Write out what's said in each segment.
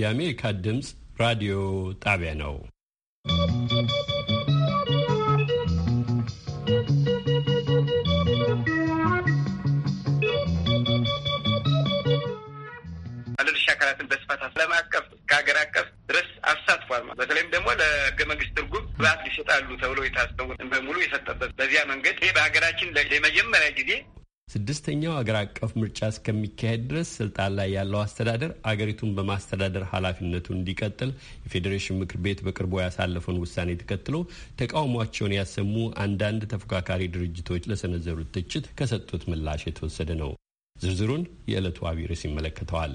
የአሜሪካ ድምፅ ራዲዮ ጣቢያ ነው። ባለድርሻ አካላትን በስፋት ዓለም አቀፍ ከሀገር አቀፍ ድረስ አሳትፏል። በተለይም ደግሞ ለህገ መንግስት ትርጉም ብልሃት ሊሰጣሉ ተብሎ የታሰቡ በሙሉ የሰጠበት በዚያ መንገድ ይህ በሀገራችን ለመጀመሪያ ጊዜ ስድስተኛው አገር አቀፍ ምርጫ እስከሚካሄድ ድረስ ስልጣን ላይ ያለው አስተዳደር አገሪቱን በማስተዳደር ኃላፊነቱ እንዲቀጥል የፌዴሬሽን ምክር ቤት በቅርቡ ያሳለፈውን ውሳኔ ተከትሎ ተቃውሟቸውን ያሰሙ አንዳንድ ተፎካካሪ ድርጅቶች ለሰነዘሩት ትችት ከሰጡት ምላሽ የተወሰደ ነው። ዝርዝሩን የዕለቱ አቢርስ ይመለከተዋል።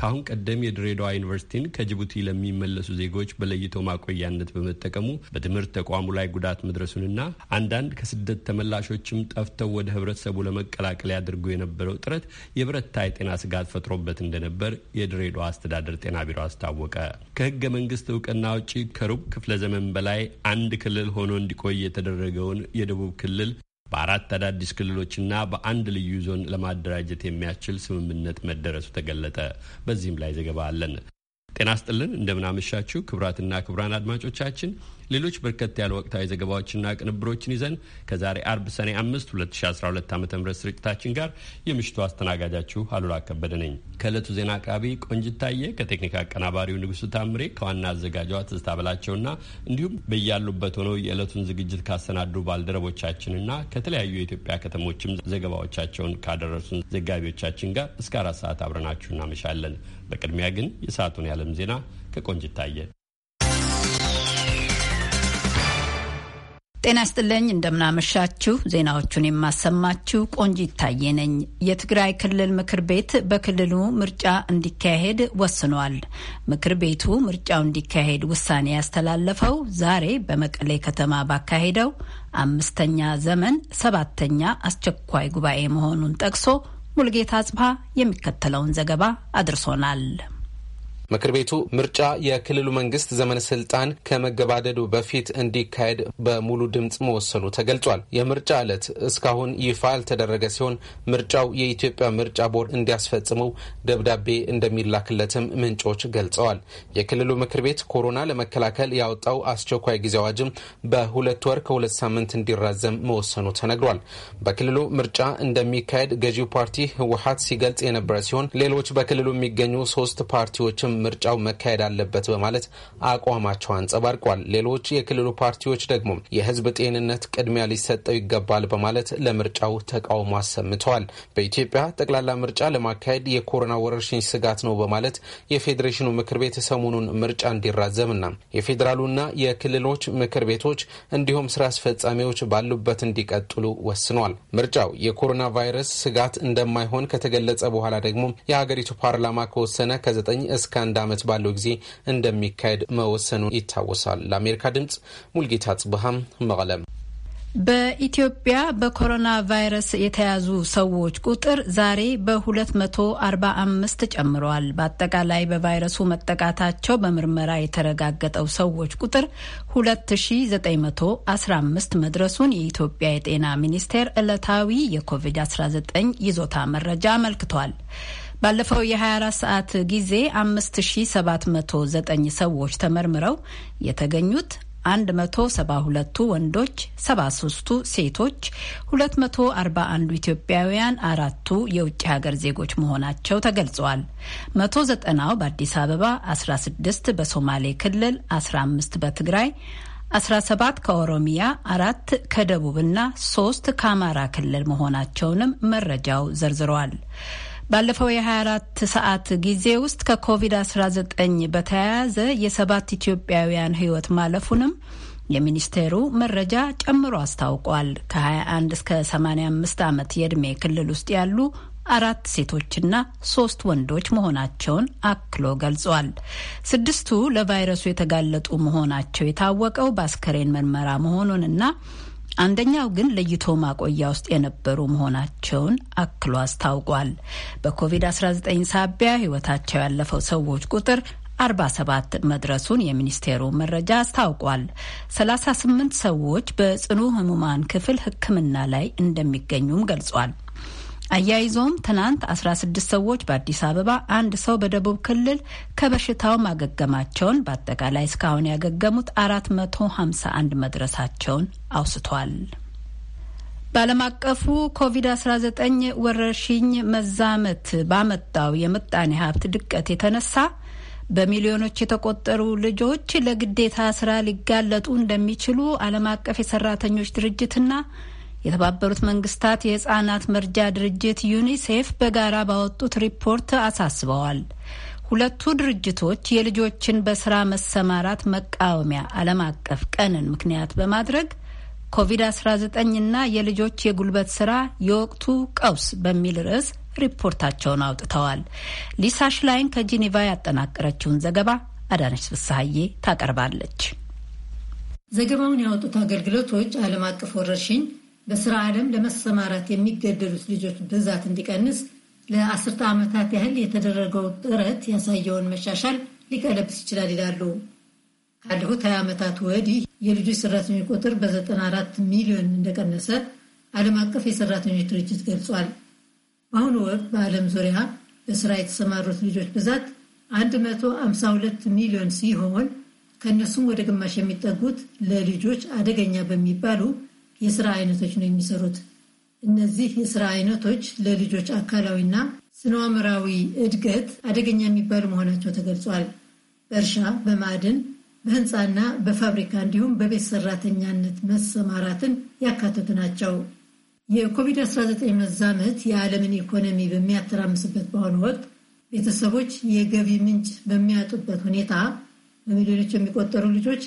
ከአሁን ቀደም የድሬዳዋ ዩኒቨርሲቲን ከጅቡቲ ለሚመለሱ ዜጎች በለይቶ ማቆያነት በመጠቀሙ በትምህርት ተቋሙ ላይ ጉዳት መድረሱንና አንዳንድ ከስደት ተመላሾችም ጠፍተው ወደ ህብረተሰቡ ለመቀላቀል ያደርጉ የነበረው ጥረት የብረታ የጤና ስጋት ፈጥሮበት እንደነበር የድሬዳዋ አስተዳደር ጤና ቢሮ አስታወቀ። ከህገ መንግስት እውቅና ውጪ ከሩብ ክፍለ ዘመን በላይ አንድ ክልል ሆኖ እንዲቆይ የተደረገውን የደቡብ ክልል በአራት አዳዲስ ክልሎችና በአንድ ልዩ ዞን ለማደራጀት የሚያስችል ስምምነት መደረሱ ተገለጠ። በዚህም ላይ ዘገባ አለን። ጤና ስጥልን እንደምናመሻችሁ ክቡራትና ክቡራን አድማጮቻችን ሌሎች በርከት ያሉ ወቅታዊ ዘገባዎችና ቅንብሮችን ይዘን ከዛሬ አርብ ሰኔ 5 2012 ዓ ም ስርጭታችን ጋር የምሽቱ አስተናጋጃችሁ አሉላ ከበደ ነኝ። ከእለቱ ዜና አቅራቢ ቆንጅታየ፣ ከቴክኒክ አቀናባሪው ንጉሱ ታምሬ፣ ከዋና አዘጋጇ ትዝታ በላቸውና እንዲሁም በያሉበት ሆነው የዕለቱን ዝግጅት ካሰናዱ ባልደረቦቻችንና ከተለያዩ የኢትዮጵያ ከተሞችም ዘገባዎቻቸውን ካደረሱን ዘጋቢዎቻችን ጋር እስከ አራት ሰዓት አብረናችሁ እናመሻለን። በቅድሚያ ግን የሰዓቱን የዓለም ዜና ከቆንጅታየ ጤና ስጥልኝ፣ እንደምናመሻችሁ። ዜናዎቹን የማሰማችሁ ቆንጂ ታዬ ነኝ። የትግራይ ክልል ምክር ቤት በክልሉ ምርጫ እንዲካሄድ ወስኗል። ምክር ቤቱ ምርጫው እንዲካሄድ ውሳኔ ያስተላለፈው ዛሬ በመቀሌ ከተማ ባካሄደው አምስተኛ ዘመን ሰባተኛ አስቸኳይ ጉባኤ መሆኑን ጠቅሶ ሙልጌታ አጽብሃ የሚከተለውን ዘገባ አድርሶናል። ምክር ቤቱ ምርጫ የክልሉ መንግስት ዘመነ ስልጣን ከመገባደዱ በፊት እንዲካሄድ በሙሉ ድምፅ መወሰኑ ተገልጿል። የምርጫ ዕለት እስካሁን ይፋ ያልተደረገ ሲሆን ምርጫው የኢትዮጵያ ምርጫ ቦርድ እንዲያስፈጽመው ደብዳቤ እንደሚላክለትም ምንጮች ገልጸዋል። የክልሉ ምክር ቤት ኮሮና ለመከላከል ያወጣው አስቸኳይ ጊዜ አዋጅም በሁለት ወር ከሁለት ሳምንት እንዲራዘም መወሰኑ ተነግሯል። በክልሉ ምርጫ እንደሚካሄድ ገዢው ፓርቲ ህወሀት ሲገልጽ የነበረ ሲሆን ሌሎች በክልሉ የሚገኙ ሶስት ፓርቲዎችም አሁንም ምርጫው መካሄድ አለበት በማለት አቋማቸው አንጸባርቋል። ሌሎች የክልሉ ፓርቲዎች ደግሞ የህዝብ ጤንነት ቅድሚያ ሊሰጠው ይገባል በማለት ለምርጫው ተቃውሞ አሰምተዋል። በኢትዮጵያ ጠቅላላ ምርጫ ለማካሄድ የኮሮና ወረርሽኝ ስጋት ነው በማለት የፌዴሬሽኑ ምክር ቤት ሰሞኑን ምርጫ እንዲራዘምና የፌዴራሉና የክልሎች ምክር ቤቶች እንዲሁም ስራ አስፈጻሚዎች ባሉበት እንዲቀጥሉ ወስኗል። ምርጫው የኮሮና ቫይረስ ስጋት እንደማይሆን ከተገለጸ በኋላ ደግሞ የሀገሪቱ ፓርላማ ከወሰነ ከ9 እስከ አንድ ዓመት ባለው ጊዜ እንደሚካሄድ መወሰኑ ይታወሳል። ለአሜሪካ ድምጽ ሙልጌታ ጽብሃም መቀለም። በኢትዮጵያ በኮሮና ቫይረስ የተያዙ ሰዎች ቁጥር ዛሬ በ245 ጨምረዋል። በአጠቃላይ በቫይረሱ መጠቃታቸው በምርመራ የተረጋገጠው ሰዎች ቁጥር 2915 መድረሱን የኢትዮጵያ የጤና ሚኒስቴር ዕለታዊ የኮቪድ-19 ይዞታ መረጃ አመልክቷል። ባለፈው የ24 ሰዓት ጊዜ 5709 ሰዎች ተመርምረው የተገኙት 172ቱ ወንዶች፣ 73ቱ ሴቶች፣ 241ዱ ኢትዮጵያውያን፣ አራቱ የውጭ ሀገር ዜጎች መሆናቸው ተገልጿል። 190ው በአዲስ አበባ፣ 16 በሶማሌ ክልል፣ 15 በትግራይ 17 ከኦሮሚያ አራት ከደቡብና ሶስት ከአማራ ክልል መሆናቸውንም መረጃው ዘርዝረዋል። ባለፈው የ24 ሰዓት ጊዜ ውስጥ ከኮቪድ-19 በተያያዘ የሰባት ኢትዮጵያውያን ሕይወት ማለፉንም የሚኒስቴሩ መረጃ ጨምሮ አስታውቋል። ከ21 እስከ 85 ዓመት የዕድሜ ክልል ውስጥ ያሉ አራት ሴቶችና ሶስት ወንዶች መሆናቸውን አክሎ ገልጿል። ስድስቱ ለቫይረሱ የተጋለጡ መሆናቸው የታወቀው በአስከሬን ምርመራ መሆኑንና አንደኛው ግን ለይቶ ማቆያ ውስጥ የነበሩ መሆናቸውን አክሎ አስታውቋል። በኮቪድ-19 ሳቢያ ህይወታቸው ያለፈው ሰዎች ቁጥር 47 መድረሱን የሚኒስቴሩ መረጃ አስታውቋል። 38 ሰዎች በጽኑ ህሙማን ክፍል ሕክምና ላይ እንደሚገኙም ገልጿል። አያይዞም ትናንት 16 ሰዎች በአዲስ አበባ፣ አንድ ሰው በደቡብ ክልል ከበሽታው ማገገማቸውን በአጠቃላይ እስካሁን ያገገሙት 451 መድረሳቸውን አውስቷል። በዓለም አቀፉ ኮቪድ-19 ወረርሽኝ መዛመት ባመጣው የምጣኔ ሀብት ድቀት የተነሳ በሚሊዮኖች የተቆጠሩ ልጆች ለግዴታ ስራ ሊጋለጡ እንደሚችሉ ዓለም አቀፍ የሰራተኞች ድርጅትና የተባበሩት መንግስታት የህጻናት መርጃ ድርጅት ዩኒሴፍ በጋራ ባወጡት ሪፖርት አሳስበዋል። ሁለቱ ድርጅቶች የልጆችን በስራ መሰማራት መቃወሚያ ዓለም አቀፍ ቀንን ምክንያት በማድረግ ኮቪድ 19 እና የልጆች የጉልበት ስራ የወቅቱ ቀውስ በሚል ርዕስ ሪፖርታቸውን አውጥተዋል። ሊሳ ሽላይን ከጂኔቫ ያጠናቀረችውን ዘገባ አዳነች ፍስሐዬ ታቀርባለች። ዘገባውን ያወጡት አገልግሎቶች ዓለም አቀፍ ወረርሽኝ በስራ ዓለም ለመሰማራት የሚገደሉት ልጆች ብዛት እንዲቀንስ ለአስርተ ዓመታት ያህል የተደረገው ጥረት ያሳየውን መሻሻል ሊቀለብስ ይችላል ይላሉ። ካለፉት 20 ዓመታት ወዲህ የልጆች ሰራተኞች ቁጥር በ94 ሚሊዮን እንደቀነሰ ዓለም አቀፍ የሰራተኞች ድርጅት ገልጿል። በአሁኑ ወቅት በዓለም ዙሪያ በስራ የተሰማሩት ልጆች ብዛት 152 ሚሊዮን ሲሆን ከእነሱም ወደ ግማሽ የሚጠጉት ለልጆች አደገኛ በሚባሉ የስራ አይነቶች ነው የሚሰሩት። እነዚህ የስራ አይነቶች ለልጆች አካላዊና ስነዋመራዊ እድገት አደገኛ የሚባሉ መሆናቸው ተገልጿል። በእርሻ፣ በማዕድን፣ በህንፃና በፋብሪካ እንዲሁም በቤት ሰራተኛነት መሰማራትን ያካተቱ ናቸው። የኮቪድ-19 መዛመት የዓለምን ኢኮኖሚ በሚያተራምስበት በአሁኑ ወቅት ቤተሰቦች የገቢ ምንጭ በሚያጡበት ሁኔታ በሚሊዮኖች የሚቆጠሩ ልጆች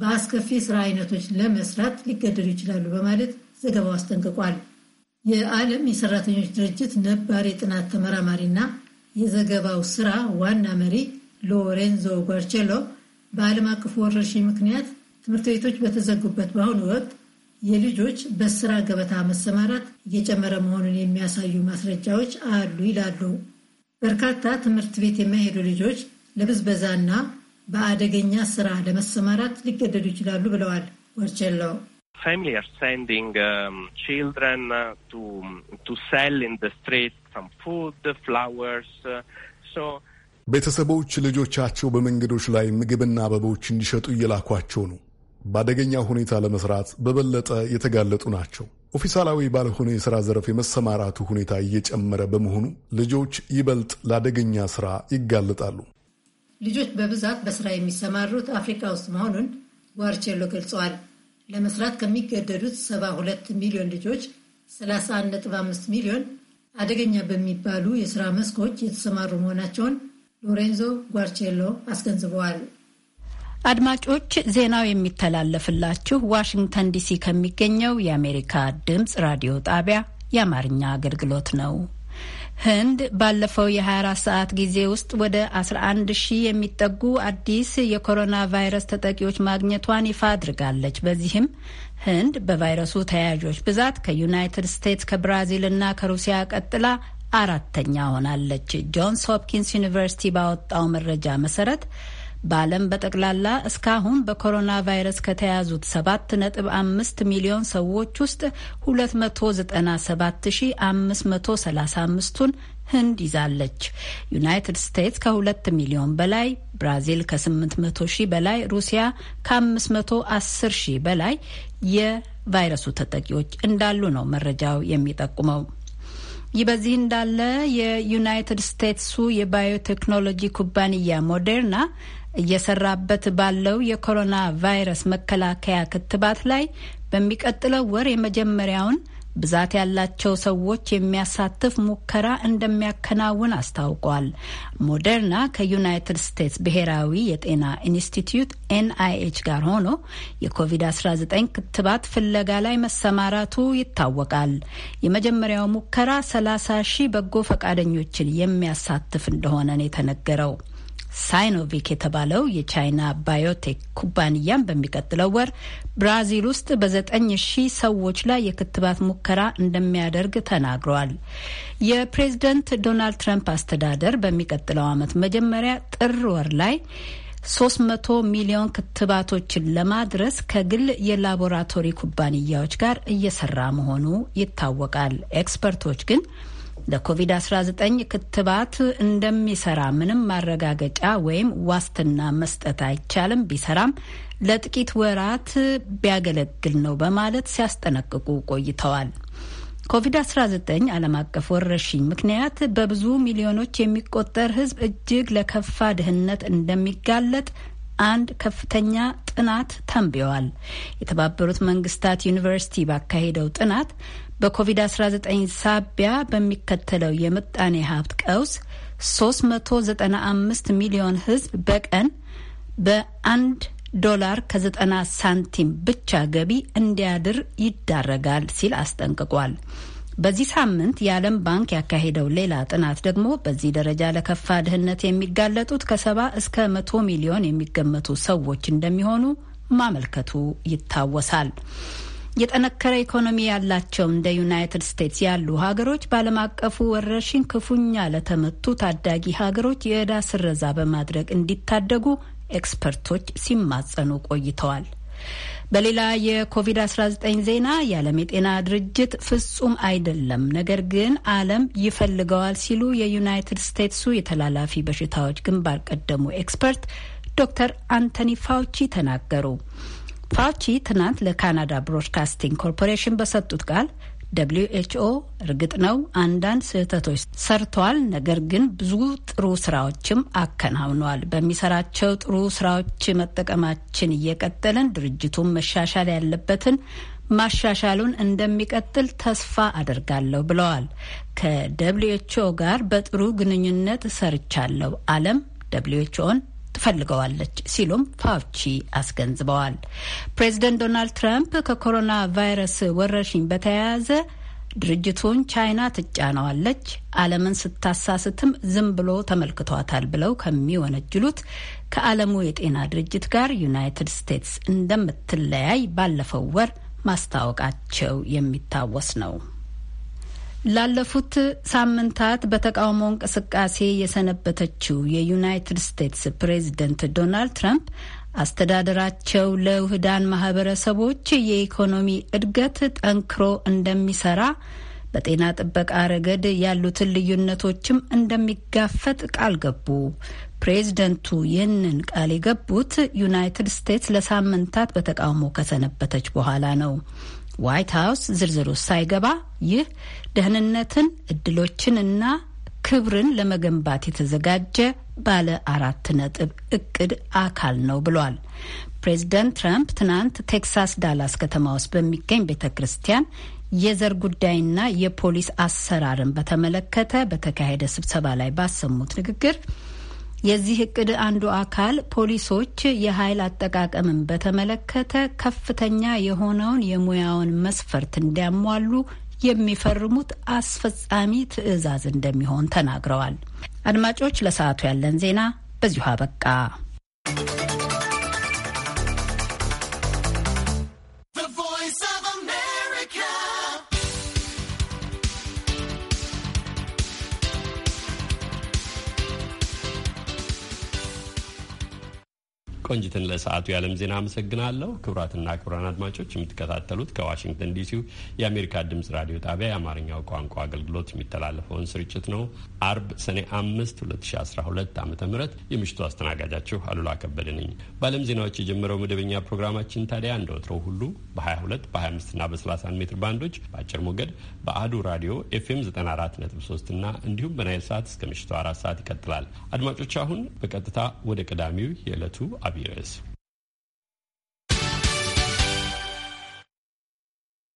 በአስከፊ ስራ አይነቶች ለመስራት ሊገደዱ ይችላሉ በማለት ዘገባው አስጠንቅቋል። የዓለም የሰራተኞች ድርጅት ነባር የጥናት ተመራማሪና የዘገባው ስራ ዋና መሪ ሎሬንዞ ጓርቸሎ በዓለም አቀፍ ወረርሽኝ ምክንያት ትምህርት ቤቶች በተዘጉበት በአሁኑ ወቅት የልጆች በስራ ገበታ መሰማራት እየጨመረ መሆኑን የሚያሳዩ ማስረጃዎች አሉ ይላሉ። በርካታ ትምህርት ቤት የማይሄዱ ልጆች ለብዝበዛና በአደገኛ ስራ ለመሰማራት ሊገደዱ ይችላሉ ብለዋል ወርቸሎ። um, uh, uh, ቤተሰቦች ልጆቻቸው በመንገዶች ላይ ምግብና አበቦች እንዲሸጡ እየላኳቸው ነው። በአደገኛ ሁኔታ ለመስራት በበለጠ የተጋለጡ ናቸው። ኦፊሳላዊ ባልሆነ የሥራ ዘርፍ የመሰማራቱ ሁኔታ እየጨመረ በመሆኑ ልጆች ይበልጥ ለአደገኛ ሥራ ይጋለጣሉ። ልጆች በብዛት በስራ የሚሰማሩት አፍሪካ ውስጥ መሆኑን ጓርቼሎ ገልጸዋል። ለመስራት ከሚገደዱት 72 ሚሊዮን ልጆች 31.5 ሚሊዮን አደገኛ በሚባሉ የስራ መስኮች የተሰማሩ መሆናቸውን ሎሬንዞ ጓርቼሎ አስገንዝበዋል። አድማጮች፣ ዜናው የሚተላለፍላችሁ ዋሽንግተን ዲሲ ከሚገኘው የአሜሪካ ድምፅ ራዲዮ ጣቢያ የአማርኛ አገልግሎት ነው። ህንድ ባለፈው የ24 ሰዓት ጊዜ ውስጥ ወደ 11 ሺህ የሚጠጉ አዲስ የኮሮና ቫይረስ ተጠቂዎች ማግኘቷን ይፋ አድርጋለች። በዚህም ህንድ በቫይረሱ ተያያዦች ብዛት ከዩናይትድ ስቴትስ፣ ከብራዚል እና ከሩሲያ ቀጥላ አራተኛ ሆናለች። ጆንስ ሆፕኪንስ ዩኒቨርሲቲ ባወጣው መረጃ መሰረት በዓለም በጠቅላላ እስካሁን በኮሮና ቫይረስ ከተያዙት 7.5 ሚሊዮን ሰዎች ውስጥ 297535ቱን ህንድ ይዛለች። ዩናይትድ ስቴትስ ከ2 ሚሊዮን በላይ፣ ብራዚል ከ800 ሺህ በላይ፣ ሩሲያ ከ510 ሺህ በላይ የቫይረሱ ተጠቂዎች እንዳሉ ነው መረጃው የሚጠቁመው። ይህ በዚህ እንዳለ የዩናይትድ ስቴትሱ የባዮቴክኖሎጂ ኩባንያ ሞዴርና እየሰራበት ባለው የኮሮና ቫይረስ መከላከያ ክትባት ላይ በሚቀጥለው ወር የመጀመሪያውን ብዛት ያላቸው ሰዎች የሚያሳትፍ ሙከራ እንደሚያከናውን አስታውቋል። ሞደርና ከዩናይትድ ስቴትስ ብሔራዊ የጤና ኢንስቲትዩት ኤንአይኤች ጋር ሆኖ የኮቪድ-19 ክትባት ፍለጋ ላይ መሰማራቱ ይታወቃል። የመጀመሪያው ሙከራ 30 ሺህ በጎ ፈቃደኞችን የሚያሳትፍ እንደሆነ ነው የተነገረው። ሳይኖቪክ የተባለው የቻይና ባዮቴክ ኩባንያም በሚቀጥለው ወር ብራዚል ውስጥ በዘጠኝ ሺህ ሰዎች ላይ የክትባት ሙከራ እንደሚያደርግ ተናግረዋል። የፕሬዝደንት ዶናልድ ትራምፕ አስተዳደር በሚቀጥለው ዓመት መጀመሪያ ጥር ወር ላይ 300 ሚሊዮን ክትባቶችን ለማድረስ ከግል የላቦራቶሪ ኩባንያዎች ጋር እየሰራ መሆኑ ይታወቃል። ኤክስፐርቶች ግን ለኮቪድ-19 ክትባት እንደሚሰራ ምንም ማረጋገጫ ወይም ዋስትና መስጠት አይቻልም። ቢሰራም ለጥቂት ወራት ቢያገለግል ነው በማለት ሲያስጠነቅቁ ቆይተዋል። ኮቪድ-19 ዓለም አቀፍ ወረርሽኝ ምክንያት በብዙ ሚሊዮኖች የሚቆጠር ሕዝብ እጅግ ለከፋ ድህነት እንደሚጋለጥ አንድ ከፍተኛ ጥናት ተንብየዋል። የተባበሩት መንግስታት ዩኒቨርሲቲ ባካሄደው ጥናት በኮቪድ-19 ሳቢያ በሚከተለው የምጣኔ ሀብት ቀውስ 395 ሚሊዮን ሕዝብ በቀን በአንድ ዶላር ከ90 ሳንቲም ብቻ ገቢ እንዲያድር ይዳረጋል ሲል አስጠንቅቋል። በዚህ ሳምንት የዓለም ባንክ ያካሄደው ሌላ ጥናት ደግሞ በዚህ ደረጃ ለከፋ ድህነት የሚጋለጡት ከሰባ እስከ መቶ ሚሊዮን የሚገመቱ ሰዎች እንደሚሆኑ ማመልከቱ ይታወሳል። የጠነከረ ኢኮኖሚ ያላቸው እንደ ዩናይትድ ስቴትስ ያሉ ሀገሮች በዓለም አቀፉ ወረርሽኝ ክፉኛ ለተመቱ ታዳጊ ሀገሮች የዕዳ ስረዛ በማድረግ እንዲታደጉ ኤክስፐርቶች ሲማጸኑ ቆይተዋል። በሌላ የኮቪድ-19 ዜና የዓለም የጤና ድርጅት ፍጹም አይደለም፣ ነገር ግን ዓለም ይፈልገዋል ሲሉ የዩናይትድ ስቴትሱ የተላላፊ በሽታዎች ግንባር ቀደሙ ኤክስፐርት ዶክተር አንቶኒ ፋውቺ ተናገሩ። ፋውቺ ትናንት ለካናዳ ብሮድካስቲንግ ኮርፖሬሽን በሰጡት ቃል ደብሊዩ ኤችኦ እርግጥ ነው አንዳንድ ስህተቶች ሰርቷል፣ ነገር ግን ብዙ ጥሩ ስራዎችም አከናውኗል። በሚሰራቸው ጥሩ ስራዎች መጠቀማችን እየቀጠልን ድርጅቱን መሻሻል ያለበትን ማሻሻሉን እንደሚቀጥል ተስፋ አደርጋለሁ ብለዋል። ከደብሊዩ ኤችኦ ጋር በጥሩ ግንኙነት ሰርቻለሁ። ዓለም ደብሊዩ ፈልገዋለች ሲሉም ፋውቺ አስገንዝበዋል። ፕሬዚደንት ዶናልድ ትራምፕ ከኮሮና ቫይረስ ወረርሽኝ በተያያዘ ድርጅቱን ቻይና ትጫነዋለች፣ ዓለምን ስታሳስትም ዝም ብሎ ተመልክቷታል ብለው ከሚወነጅሉት ከዓለሙ የጤና ድርጅት ጋር ዩናይትድ ስቴትስ እንደምትለያይ ባለፈው ወር ማስታወቃቸው የሚታወስ ነው። ላለፉት ሳምንታት በተቃውሞ እንቅስቃሴ የሰነበተችው የዩናይትድ ስቴትስ ፕሬዝደንት ዶናልድ ትራምፕ አስተዳደራቸው ለውህዳን ማህበረሰቦች የኢኮኖሚ እድገት ጠንክሮ እንደሚሰራ በጤና ጥበቃ ረገድ ያሉትን ልዩነቶችም እንደሚጋፈጥ ቃል ገቡ። ፕሬዝደንቱ ይህንን ቃል የገቡት ዩናይትድ ስቴትስ ለሳምንታት በተቃውሞ ከሰነበተች በኋላ ነው። ዋይት ሀውስ ዝርዝሩ ሳይገባ ይህ ደህንነትን እድሎችንና ክብርን ለመገንባት የተዘጋጀ ባለ አራት ነጥብ እቅድ አካል ነው ብሏል። ፕሬዚደንት ትራምፕ ትናንት ቴክሳስ ዳላስ ከተማ ውስጥ በሚገኝ ቤተ ክርስቲያን የዘር ጉዳይና የፖሊስ አሰራርን በተመለከተ በተካሄደ ስብሰባ ላይ ባሰሙት ንግግር የዚህ እቅድ አንዱ አካል ፖሊሶች የኃይል አጠቃቀምን በተመለከተ ከፍተኛ የሆነውን የሙያውን መስፈርት እንዲያሟሉ የሚፈርሙት አስፈጻሚ ትዕዛዝ እንደሚሆን ተናግረዋል። አድማጮች፣ ለሰዓቱ ያለን ዜና በዚሁ አበቃ። ቆንጅትን ለሰዓቱ የዓለም ዜና አመሰግናለሁ። ክቡራትና ክቡራን አድማጮች የምትከታተሉት ከዋሽንግተን ዲሲው የአሜሪካ ድምጽ ራዲዮ ጣቢያ የአማርኛው ቋንቋ አገልግሎት የሚተላለፈውን ስርጭት ነው። አርብ ሰኔ አምስት 2012 ዓ ም የምሽቱ አስተናጋጃችሁ አሉላ ከበደ ነኝ። በዓለም ዜናዎች የጀመረው መደበኛ ፕሮግራማችን ታዲያ እንደ ወትሮው ሁሉ በ22 በ25ና በ31 ሜትር ባንዶች በአጭር ሞገድ በአህዱ ራዲዮ ኤፍኤም 94.3 እና እንዲሁም በናይል ሰዓት እስከ ምሽቱ አራት ሰዓት ይቀጥላል። አድማጮች አሁን በቀጥታ ወደ ቀዳሚው የዕለቱ አብይ years.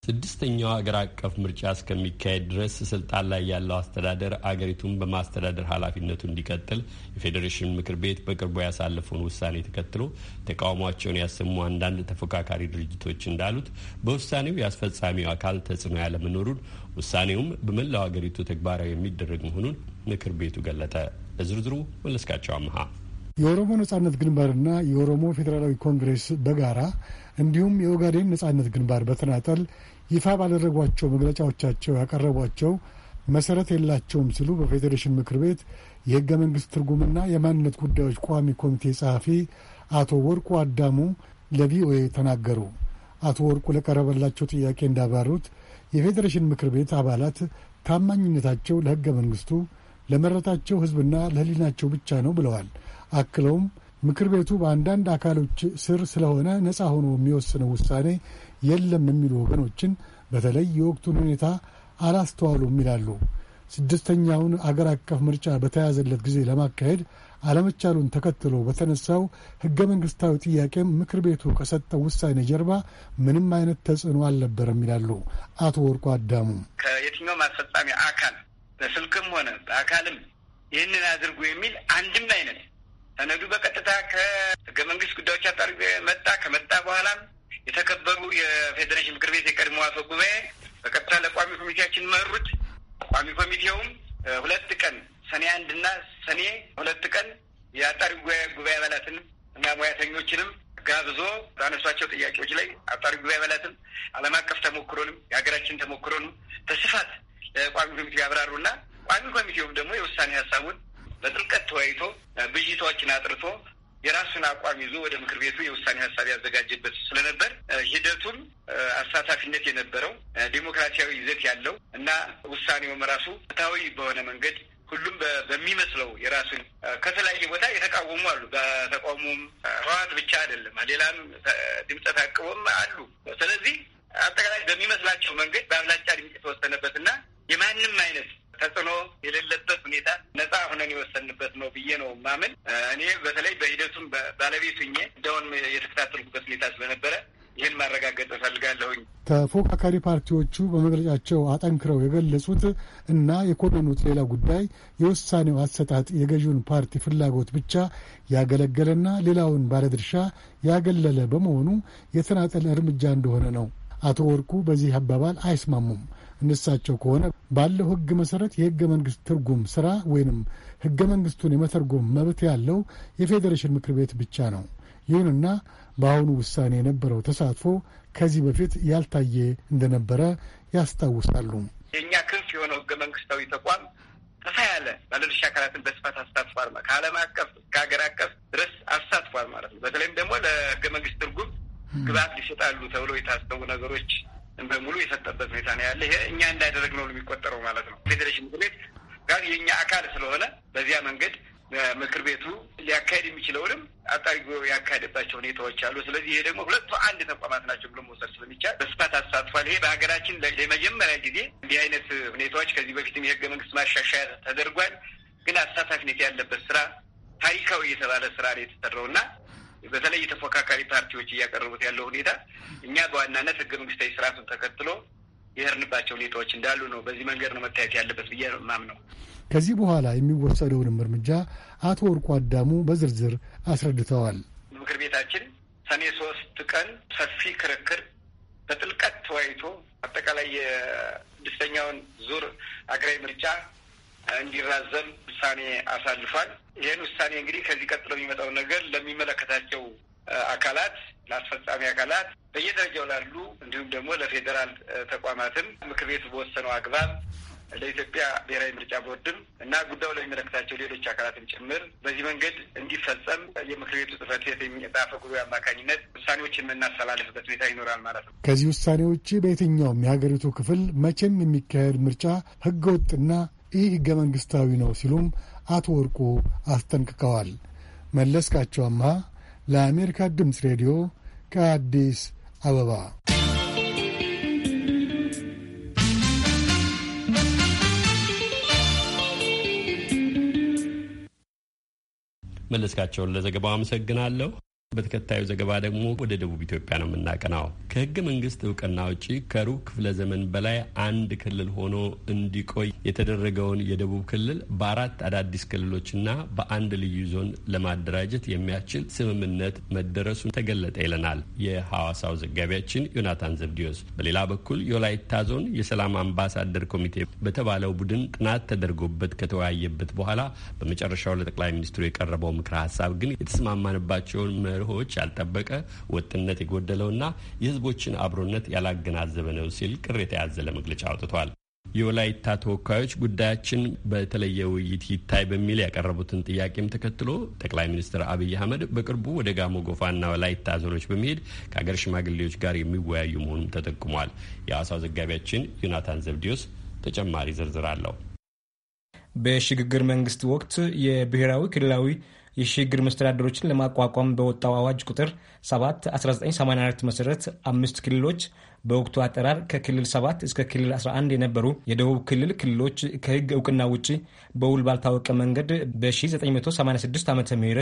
ስድስተኛው ሀገር አቀፍ ምርጫ እስከሚካሄድ ድረስ ስልጣን ላይ ያለው አስተዳደር አገሪቱን በማስተዳደር ኃላፊነቱ እንዲቀጥል የፌዴሬሽን ምክር ቤት በቅርቡ ያሳለፈውን ውሳኔ ተከትሎ ተቃውሟቸውን ያሰሙ አንዳንድ ተፎካካሪ ድርጅቶች እንዳሉት በውሳኔው የአስፈጻሚው አካል ተጽዕኖ ያለመኖሩን፣ ውሳኔውም በመላው አገሪቱ ተግባራዊ የሚደረግ መሆኑን ምክር ቤቱ ገለጠ። ለዝርዝሩ መለስካቸው አምሃ የኦሮሞ ነጻነት ግንባርና የኦሮሞ ፌዴራላዊ ኮንግሬስ በጋራ እንዲሁም የኦጋዴን ነጻነት ግንባር በተናጠል ይፋ ባደረጓቸው መግለጫዎቻቸው ያቀረቧቸው መሰረት የላቸውም ሲሉ በፌዴሬሽን ምክር ቤት የህገ መንግስት ትርጉምና የማንነት ጉዳዮች ቋሚ ኮሚቴ ጸሐፊ አቶ ወርቁ አዳሙ ለቪኦኤ ተናገሩ። አቶ ወርቁ ለቀረበላቸው ጥያቄ እንዳባሩት የፌዴሬሽን ምክር ቤት አባላት ታማኝነታቸው ለህገ መንግስቱ ለመረጣቸው ህዝብና ለህሊናቸው ብቻ ነው ብለዋል። አክለውም ምክር ቤቱ በአንዳንድ አካሎች ስር ስለሆነ ነፃ ሆኖ የሚወስነው ውሳኔ የለም የሚሉ ወገኖችን በተለይ የወቅቱን ሁኔታ አላስተዋሉም ይላሉ። ስድስተኛውን አገር አቀፍ ምርጫ በተያዘለት ጊዜ ለማካሄድ አለመቻሉን ተከትሎ በተነሳው ህገ መንግስታዊ ጥያቄም ምክር ቤቱ ከሰጠው ውሳኔ ጀርባ ምንም አይነት ተጽዕኖ አልነበረም ይላሉ አቶ ወርቁ አዳሙ። ከየትኛውም አስፈጻሚ አካል በስልክም ሆነ በአካልም ይህንን አድርጉ የሚል አንድም አይነት ሰነዱ በቀጥታ ከህገ መንግስት ጉዳዮች አጣሪ መጣ። ከመጣ በኋላም የተከበሩ የፌዴሬሽን ምክር ቤት የቀድሞ አፈ ጉባኤ በቀጥታ ለቋሚ ኮሚቴያችን መሩት። ቋሚ ኮሚቴውም ሁለት ቀን ሰኔ አንድና ሰኔ ሁለት ቀን የአጣሪ ጉባኤ አባላትን እና ሙያተኞችንም ጋብዞ ባነሷቸው ጥያቄዎች ላይ አጣሪ ጉባኤ አባላትም ዓለም አቀፍ ተሞክሮንም የሀገራችን ተሞክሮንም በስፋት ለቋሚ ኮሚቴው ያብራሩና ቋሚ ኮሚቴውም ደግሞ የውሳኔ ሀሳቡን በጥልቀት ተወያይቶ ብዥታዎችን አጥርቶ የራሱን አቋም ይዞ ወደ ምክር ቤቱ የውሳኔ ሀሳብ ያዘጋጀበት ስለነበር ሂደቱም አሳታፊነት የነበረው ዴሞክራሲያዊ ይዘት ያለው እና ውሳኔውም ራሱ ፍትሐዊ በሆነ መንገድ ሁሉም በሚመስለው የራሱን ከተለያየ ቦታ የተቃወሙ አሉ። በተቃውሞም ህወሓት ብቻ አይደለም፣ ሌላም ድምፀ ታቅቦም አሉ። ስለዚህ አጠቃላይ በሚመስላቸው መንገድ በአብላጫ ድምፅ የተወሰነበትና የማንም አይነት ተጽዕኖ የሌለበት ሁኔታ ነጻ ሆነን የወሰንበት ነው ብዬ ነው ማምን። እኔ በተለይ በሂደቱም ባለቤቱ ኜ የተከታተልኩበት ሁኔታ ስለነበረ ይህን ማረጋገጥ እፈልጋለሁኝ። ተፎካካሪ ፓርቲዎቹ በመግለጫቸው አጠንክረው የገለጹት እና የኮነኑት ሌላ ጉዳይ የውሳኔው አሰጣጥ የገዢውን ፓርቲ ፍላጎት ብቻ ያገለገለና ሌላውን ባለድርሻ ያገለለ በመሆኑ የተናጠል እርምጃ እንደሆነ ነው። አቶ ወርቁ በዚህ አባባል አይስማሙም። እንሳቸው ከሆነ ባለው ህግ መሰረት የህገ መንግስት ትርጉም ስራ ወይንም ህገ መንግስቱን የመተርጎም መብት ያለው የፌዴሬሽን ምክር ቤት ብቻ ነው። ይሁንና በአሁኑ ውሳኔ የነበረው ተሳትፎ ከዚህ በፊት ያልታየ እንደነበረ ያስታውሳሉ። የእኛ ክንፍ የሆነው ህገ መንግስታዊ ተቋም ሰፋ ያለ ባለድርሻ አካላትን በስፋት አሳትፏል። ከዓለም አቀፍ ከሀገር አቀፍ ድረስ አሳትፏል ማለት ነው። በተለይም ደግሞ ለህገ መንግስት ትርጉም ግብዓት ሊሰጣሉ ተብሎ የታሰቡ ነገሮች በሙሉ የሰጠበት ሁኔታ ነው ያለ። ይሄ እኛ እንዳያደረግ ነው የሚቆጠረው ማለት ነው። ፌዴሬሽን ምክር ቤት ጋር የእኛ አካል ስለሆነ በዚያ መንገድ ምክር ቤቱ ሊያካሄድ የሚችለውንም አጣሪ ያካሄደባቸው ሁኔታዎች አሉ። ስለዚህ ይሄ ደግሞ ሁለቱ አንድ ተቋማት ናቸው ብሎ መውሰድ ስለሚቻል በስፋት አሳትፏል። ይሄ በሀገራችን ለመጀመሪያ ጊዜ እንዲህ አይነት ሁኔታዎች ከዚህ በፊትም የህገ መንግስት ማሻሻያ ተደርጓል። ግን አሳታፊነት ያለበት ስራ ታሪካዊ የተባለ ስራ ነው የተሰራው እና በተለይ ተፎካካሪ ፓርቲዎች እያቀረቡት ያለው ሁኔታ እኛ በዋናነት ህገ መንግስታዊ ስርዓቱን ተከትሎ የህርንባቸው ሁኔታዎች እንዳሉ ነው። በዚህ መንገድ ነው መታየት ያለበት ብዬ ማምነው። ከዚህ በኋላ የሚወሰደውንም እርምጃ አቶ ወርቁ አዳሙ በዝርዝር አስረድተዋል። ምክር ቤታችን ሰኔ ሶስት ቀን ሰፊ ክርክር በጥልቀት ተወያይቶ አጠቃላይ የስድስተኛውን ዙር አገራዊ ምርጫ እንዲራዘም ውሳኔ አሳልፏል። ይህን ውሳኔ እንግዲህ ከዚህ ቀጥሎ የሚመጣው ነገር ለሚመለከታቸው አካላት ለአስፈጻሚ አካላት በየደረጃው ላሉ እንዲሁም ደግሞ ለፌዴራል ተቋማትም ምክር ቤቱ በወሰነው አግባብ ለኢትዮጵያ ብሔራዊ ምርጫ ቦርድም እና ጉዳዩ ለሚመለከታቸው ሌሎች አካላትም ጭምር በዚህ መንገድ እንዲፈጸም የምክር ቤቱ ጽሕፈት ቤት በአፈ ጉባኤ አማካኝነት ውሳኔዎች የምናስተላልፍበት ሁኔታ ይኖራል ማለት ነው። ከዚህ ውሳኔ ውጭ በየትኛውም የሀገሪቱ ክፍል መቼም የሚካሄድ ምርጫ ህገወጥና ይህ ህገ መንግስታዊ ነው ሲሉም አቶ ወርቁ አስጠንቅቀዋል። መለስካቸው አምሃ ለአሜሪካ ድምፅ ሬዲዮ ከአዲስ አበባ መለስካቸውን ለዘገባው አመሰግናለሁ። በተከታዩ ዘገባ ደግሞ ወደ ደቡብ ኢትዮጵያ ነው የምናቀናው። ከህገ መንግስት እውቅና ውጪ ከሩብ ክፍለ ዘመን በላይ አንድ ክልል ሆኖ እንዲቆይ የተደረገውን የደቡብ ክልል በአራት አዳዲስ ክልሎችና በአንድ ልዩ ዞን ለማደራጀት የሚያስችል ስምምነት መደረሱን ተገለጠ ይለናል የሐዋሳው ዘጋቢያችን ዮናታን ዘብዲዮስ። በሌላ በኩል የወላይታ ዞን የሰላም አምባሳደር ኮሚቴ በተባለው ቡድን ጥናት ተደርጎበት ከተወያየበት በኋላ በመጨረሻው ለጠቅላይ ሚኒስትሩ የቀረበው ምክረ ሀሳብ ግን የተስማማንባቸውን መርሆ መርሆች ያልጠበቀ ወጥነት የጎደለውና የህዝቦችን አብሮነት ያላገናዘበ ነው ሲል ቅሬታ ያዘለ መግለጫ አውጥቷል። የወላይታ ተወካዮች ጉዳያችን በተለየ ውይይት ይታይ በሚል ያቀረቡትን ጥያቄም ተከትሎ ጠቅላይ ሚኒስትር አብይ አህመድ በቅርቡ ወደ ጋሞ ጎፋና ወላይታ ዞኖች በመሄድ ከሀገር ሽማግሌዎች ጋር የሚወያዩ መሆኑም ተጠቁሟል። የአዋሳው ዘጋቢያችን ዮናታን ዘብዲዮስ ተጨማሪ ዝርዝር አለው። በሽግግር መንግስት ወቅት የብሔራዊ ክልላዊ የሽግግር መስተዳደሮችን ለማቋቋም በወጣው አዋጅ ቁጥር 7 1984 መሠረት አምስት ክልሎች በወቅቱ አጠራር ከክልል 7 እስከ ክልል 11 የነበሩ የደቡብ ክልል ክልሎች ከሕግ እውቅና ውጭ በውል ባልታወቀ መንገድ በ1986 ዓ ም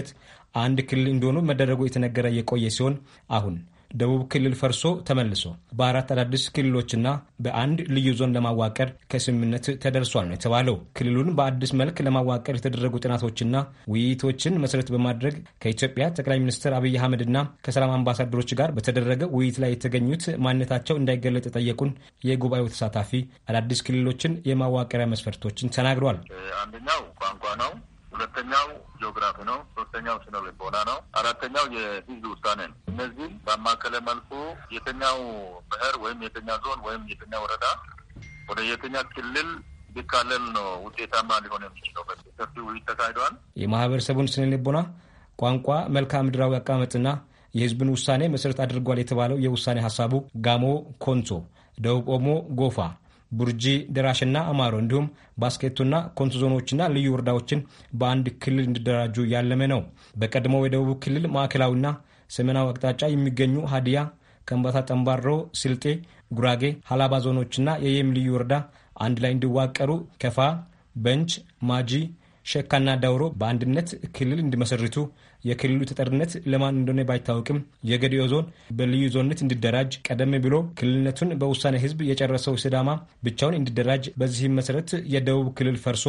አንድ ክልል እንደሆኑ መደረጉ የተነገረ የቆየ ሲሆን አሁን ደቡብ ክልል ፈርሶ ተመልሶ በአራት አዳዲስ ክልሎችና በአንድ ልዩ ዞን ለማዋቀር ከስምምነት ተደርሷል ነው የተባለው። ክልሉን በአዲስ መልክ ለማዋቀር የተደረጉ ጥናቶችና ውይይቶችን መሰረት በማድረግ ከኢትዮጵያ ጠቅላይ ሚኒስትር አብይ አህመድና ከሰላም አምባሳደሮች ጋር በተደረገ ውይይት ላይ የተገኙት ማንነታቸው እንዳይገለጥ የጠየቁን የጉባኤው ተሳታፊ አዳዲስ ክልሎችን የማዋቀሪያ መስፈርቶችን ተናግሯል። አንደኛው ቋንቋ ነው። ሁለተኛው ጂኦግራፊ ነው። ሶስተኛው ስነ ልቦና ነው። አራተኛው የህዝብ ውሳኔ ነው። እነዚህ ባማከለ መልኩ የተኛው ብሔር ወይም የተኛ ዞን ወይም የተኛ ወረዳ ወደ የተኛ ክልል ቢካለል ነው ውጤታማ ሊሆን የሚችለው። ሰፊ ውይይት ተካሂደዋል። የማህበረሰቡን ስነ ልቦና፣ ቋንቋ፣ መልክዓ ምድራዊ አቀማመጥና የህዝብን ውሳኔ መሰረት አድርጓል የተባለው የውሳኔ ሀሳቡ ጋሞ፣ ኮንሶ፣ ደቡብ ኦሞ፣ ጎፋ ቡርጂ፣ ደራሽና አማሮ እንዲሁም ባስኬቱና ኮንቱ ዞኖችና ልዩ ወረዳዎችን በአንድ ክልል እንዲደራጁ ያለመ ነው። በቀድሞው የደቡብ ክልል ማዕከላዊና ሰሜናዊ አቅጣጫ የሚገኙ ሀዲያ፣ ከምባታ፣ ጠምባሮ፣ ስልጤ፣ ጉራጌ፣ ሀላባ ዞኖችና የየም ልዩ ወረዳ አንድ ላይ እንዲዋቀሩ ከፋ፣ በንች፣ ማጂ፣ ሸካና ዳውሮ በአንድነት ክልል እንዲመሰርቱ የክልሉ ተጠሪነት ለማን እንደሆነ ባይታወቅም የገዲዮ ዞን በልዩ ዞንነት እንዲደራጅ ቀደም ብሎ ክልልነቱን በውሳኔ ህዝብ የጨረሰው ሲዳማ ብቻውን እንዲደራጅ፣ በዚህም መሰረት የደቡብ ክልል ፈርሶ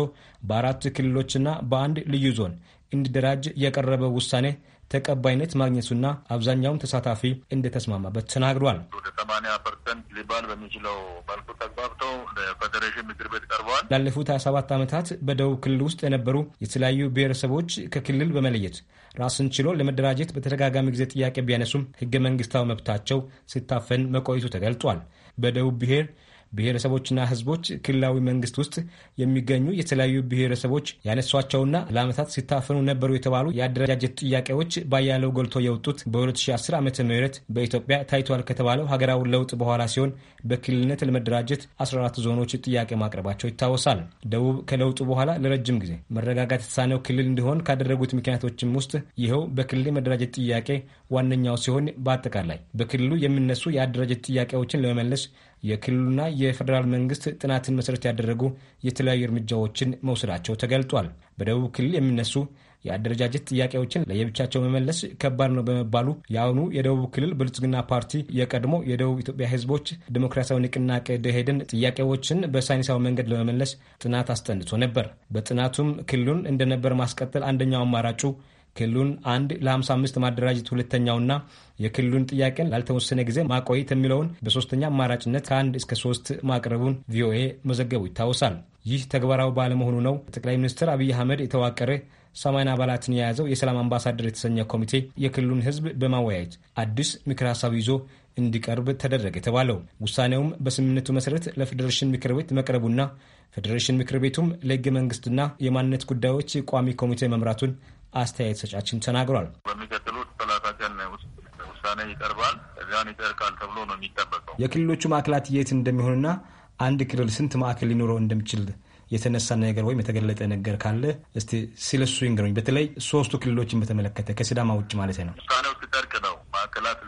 በአራት ክልሎችና በአንድ ልዩ ዞን እንዲደራጅ የቀረበው ውሳኔ ተቀባይነት ማግኘቱና አብዛኛውን ተሳታፊ እንደተስማማበት ተናግሯል። ወደ ሰማንያ ፐርሰንት ሊባል በሚችለው መልኩ ተግባብተው ለፌዴሬሽን ምክር ቤት ቀርበዋል። ላለፉት 27 ዓመታት በደቡብ ክልል ውስጥ የነበሩ የተለያዩ ብሔረሰቦች ከክልል በመለየት ራስን ችሎ ለመደራጀት በተደጋጋሚ ጊዜ ጥያቄ ቢያነሱም ህገ መንግስታዊ መብታቸው ሲታፈን መቆየቱ ተገልጿል። በደቡብ ብሔር ብሔረሰቦችና ህዝቦች ክልላዊ መንግስት ውስጥ የሚገኙ የተለያዩ ብሔረሰቦች ያነሷቸውና ለዓመታት ሲታፈኑ ነበሩ የተባሉ የአደረጃጀት ጥያቄዎች ባያለው ጎልቶ የወጡት በ2010 ዓ ም በኢትዮጵያ ታይቷል ከተባለው ሀገራዊ ለውጥ በኋላ ሲሆን በክልልነት ለመደራጀት 14 ዞኖች ጥያቄ ማቅረባቸው ይታወሳል። ደቡብ ከለውጡ በኋላ ለረጅም ጊዜ መረጋጋት የተሳነው ክልል እንዲሆን ካደረጉት ምክንያቶችም ውስጥ ይኸው በክልል መደራጀት ጥያቄ ዋነኛው ሲሆን በአጠቃላይ በክልሉ የሚነሱ የአደረጃጀት ጥያቄዎችን ለመመለስ የክልሉና የፌዴራል መንግስት ጥናትን መሰረት ያደረጉ የተለያዩ እርምጃዎችን መውሰዳቸው ተገልጧል። በደቡብ ክልል የሚነሱ የአደረጃጀት ጥያቄዎችን ለየብቻቸው መመለስ ከባድ ነው በመባሉ የአሁኑ የደቡብ ክልል ብልጽግና ፓርቲ የቀድሞ የደቡብ ኢትዮጵያ ሕዝቦች ዲሞክራሲያዊ ንቅናቄ ደሄድን ጥያቄዎችን በሳይንሳዊ መንገድ ለመመለስ ጥናት አስጠንቶ ነበር። በጥናቱም ክልሉን እንደነበር ማስቀጠል አንደኛው አማራጩ ክልሉን አንድ ለ55 ማደራጀት ሁለተኛውና የክልሉን ጥያቄን ላልተወሰነ ጊዜ ማቆየት የሚለውን በሶስተኛ አማራጭነት ከአንድ እስከ ሶስት ማቅረቡን ቪኦኤ መዘገቡ ይታወሳል። ይህ ተግባራዊ ባለመሆኑ ነው ጠቅላይ ሚኒስትር አብይ አህመድ የተዋቀረ ሰማንያ አባላትን የያዘው የሰላም አምባሳደር የተሰኘ ኮሚቴ የክልሉን ሕዝብ በማወያየት አዲስ ምክር ሀሳብ ይዞ እንዲቀርብ ተደረገ የተባለው። ውሳኔውም በስምምነቱ መሰረት ለፌዴሬሽን ምክር ቤት መቅረቡና ፌዴሬሽን ምክር ቤቱም ለህገ መንግስትና የማንነት ጉዳዮች ቋሚ ኮሚቴ መምራቱን አስተያየት ሰጫችን ተናግሯል። በሚቀጥሉት ሰላሳ ውስጥ ውሳኔ ይቀርባል። እዚያን ይጠርቃል ተብሎ ነው የሚጠበቀው። የክልሎቹ ማዕከላት የት እንደሚሆንና አንድ ክልል ስንት ማዕከል ሊኖረው እንደሚችል የተነሳ ነገር ወይም የተገለጠ ነገር ካለ እስቲ ስለሱ ይንገሩኝ። በተለይ ሶስቱ ክልሎችን በተመለከተ ከሲዳማ ውጭ ማለት ነው። ውሳኔው ሲጠርቅ ነው ማዕከላት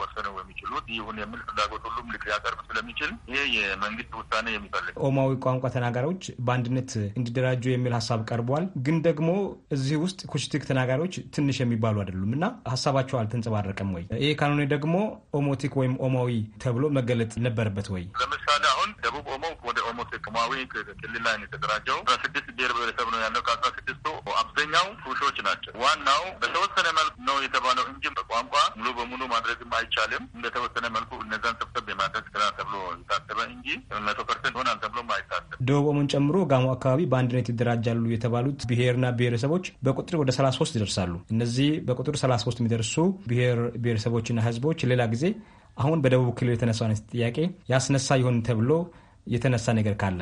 ሊወሰኑ የሚችሉት ይሁን የሚል ፍላጎት ሁሉም ሊያቀርብ ስለሚችል ይሄ የመንግስት ውሳኔ የሚፈልግ ኦማዊ ቋንቋ ተናጋሪዎች በአንድነት እንዲደራጁ የሚል ሀሳብ ቀርቧል። ግን ደግሞ እዚህ ውስጥ ኩሽቲክ ተናጋሪዎች ትንሽ የሚባሉ አይደሉም እና ሀሳባቸው አልተንጸባረቀም ወይ? ይሄ ካልሆነ ደግሞ ኦሞቲክ ወይም ኦማዊ ተብሎ መገለጥ ነበረበት ወይ? ለምሳሌ ሲሆን ደቡብ ኦሞ ወደ ኦሞ ሴኮማዊ ክልል ላይ ነው የተደራጀው። አስራ ስድስት ብሔር ብሔረሰብ ነው ያለው። ከአስራ ስድስቱ አብዛኛው ሹሾች ናቸው። ዋናው በተወሰነ መልኩ ነው የተባለው እንጂ በቋንቋ ሙሉ በሙሉ ማድረግም አይቻልም። እንደተወሰነ መልኩ እነዛን ሰብሰብ የማድረግ ስራ ተብሎ የታሰበ እንጂ መቶ ፐርሰንት ሆናል ተብሎም አይታሰብ። ደቡብ ኦሞን ጨምሮ ጋሞ አካባቢ በአንድነት ይደራጃሉ የተባሉት ብሔርና ብሔረሰቦች በቁጥር ወደ ሰላሳ ሶስት ይደርሳሉ። እነዚህ በቁጥር ሰላሳ ሶስት የሚደርሱ ብሔር ብሔረሰቦችና ህዝቦች ሌላ ጊዜ አሁን በደቡብ ክልል የተነሳውን ጥያቄ ያስነሳ ይሆን ተብሎ የተነሳ ነገር ካለ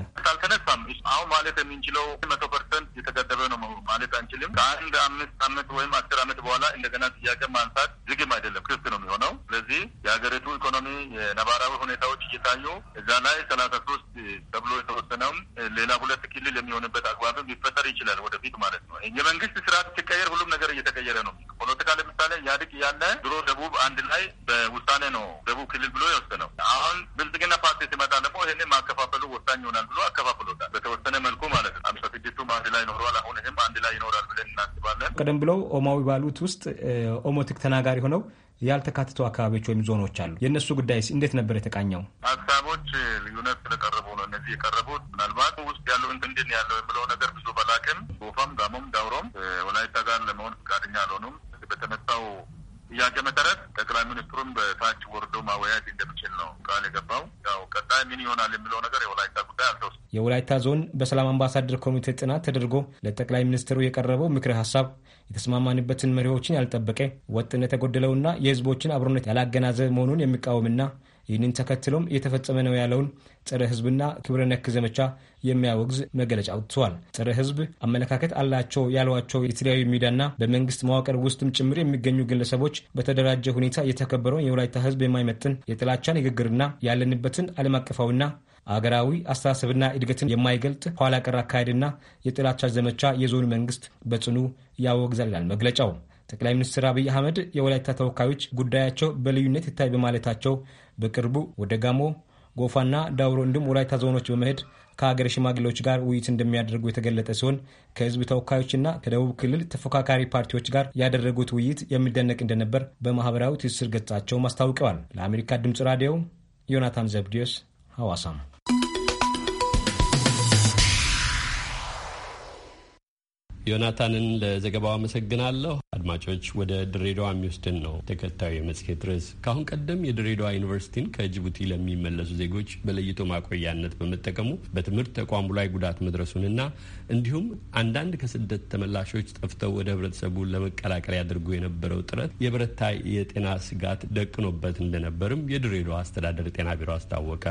አሁን ማለት የምንችለው መቶ ፐርሰንት የተገደበ ነው ማለት አንችልም። ከአንድ አምስት አመት ወይም አስር አመት በኋላ እንደገና ጥያቄ ማንሳት ዝግም አይደለም፣ ክፍት ነው የሚሆነው። ስለዚህ የሀገሪቱ ኢኮኖሚ የነባራዊ ሁኔታዎች እየታዩ እዛ ላይ ሰላሳ ሶስት ተብሎ የተወሰነውም ሌላ ሁለት ክልል የሚሆንበት አግባብም ሊፈጠር ይችላል ወደፊት ማለት ነው። የመንግስት ስርዓት ሲቀየር ሁሉም ነገር እየተቀየረ ነው። ፖለቲካ ለምሳሌ ኢህአዴግ ያለ ድሮ ደቡብ አንድ ላይ በውሳኔ ነው ደቡብ ክልል ብሎ የወሰነው። አሁን ብልጽግና ፓርቲ ሲመጣ ደግሞ ይህንን ማከፋፈሉ ወሳኝ ይሆናል ብሎ አከፋፍሎታል። በተወሰነ መልኩ ማለት ነው። አምሳ ስድስቱም አንድ ላይ ኖረዋል። አሁን ይህም አንድ ላይ ይኖራል ብለን እናስባለን። ቀደም ብለው ኦማዊ ባሉት ውስጥ ኦሞቲክ ተናጋሪ ሆነው ያልተካተቱ አካባቢዎች ወይም ዞኖች አሉ። የእነሱ ጉዳይስ እንዴት ነበር የተቃኘው? ሀሳቦች ልዩነት ስለቀረቡ ነው እነዚህ የቀረቡት። ምናልባት ውስጥ ያለው እንትንድን ያለው የምለው ነገር ብዙ በላቅም ጎፋም፣ ጋሞም፣ ዳውሮም ወላይታ ጋር ለመሆን ፈቃደኛ አልሆኑም። በተነሳው ጥያቄ መሰረት ጠቅላይ ሚኒስትሩን በታች ወርዶ ማወያየት እንደሚችል ነው ቃል የገባው። ያው ቀጣይ ምን ይሆናል የሚለው ነገር የወላይታ ጉዳይ አልተወሰነ። የወላይታ ዞን በሰላም አምባሳደር ኮሚቴ ጥናት ተደርጎ ለጠቅላይ ሚኒስትሩ የቀረበው ምክረ ሀሳብ የተስማማንበትን መሪዎችን ያልጠበቀ ወጥነት የጎደለውና የህዝቦችን አብሮነት ያላገናዘብ መሆኑን የሚቃወምና ይህንን ተከትሎም እየተፈጸመ ነው ያለውን ጸረ ህዝብና ክብረ ነክ ዘመቻ የሚያወግዝ መገለጫ አውጥተዋል። ጸረ ህዝብ አመለካከት አላቸው ያሏቸው የተለያዩ ሚዲያና በመንግስት መዋቅር ውስጥም ጭምር የሚገኙ ግለሰቦች በተደራጀ ሁኔታ የተከበረውን የወላይታ ህዝብ የማይመጥን የጥላቻ ንግግርና ያለንበትን ዓለም አቀፋዊና አገራዊ አስተሳሰብና እድገትን የማይገልጥ ኋላ ቀር አካሄድና የጥላቻ ዘመቻ የዞኑ መንግስት በጽኑ ያወግዛል ይላል መግለጫው። ጠቅላይ ሚኒስትር አብይ አህመድ የወላይታ ተወካዮች ጉዳያቸው በልዩነት ይታይ በማለታቸው በቅርቡ ወደ ጋሞ ጎፋና ዳውሮ እንዲሁም ወላይታ ዞኖች በመሄድ ከሀገር ሽማግሌዎች ጋር ውይይት እንደሚያደርጉ የተገለጠ ሲሆን ከህዝብ ተወካዮችና ከደቡብ ክልል ተፎካካሪ ፓርቲዎች ጋር ያደረጉት ውይይት የሚደነቅ እንደነበር በማህበራዊ ትስስር ገጻቸው አስታውቀዋል። ለአሜሪካ ድምፅ ራዲዮ ዮናታን ዘብዲዮስ ሐዋሳም ዮናታንን ለዘገባው አመሰግናለሁ። አድማጮች ወደ ድሬዳዋ የሚወስድን ነው ተከታዩ የመጽሔት ርዕስ። ከአሁን ቀደም የድሬዳዋ ዩኒቨርሲቲን ከጅቡቲ ለሚመለሱ ዜጎች በለይቶ ማቆያነት በመጠቀሙ በትምህርት ተቋሙ ላይ ጉዳት መድረሱንና እንዲሁም አንዳንድ ከስደት ተመላሾች ጠፍተው ወደ ህብረተሰቡ ለመቀላቀል ያደርጉ የነበረው ጥረት የበረታ የጤና ስጋት ደቅኖበት እንደነበርም የድሬዳዋ አስተዳደር ጤና ቢሮ አስታወቀ።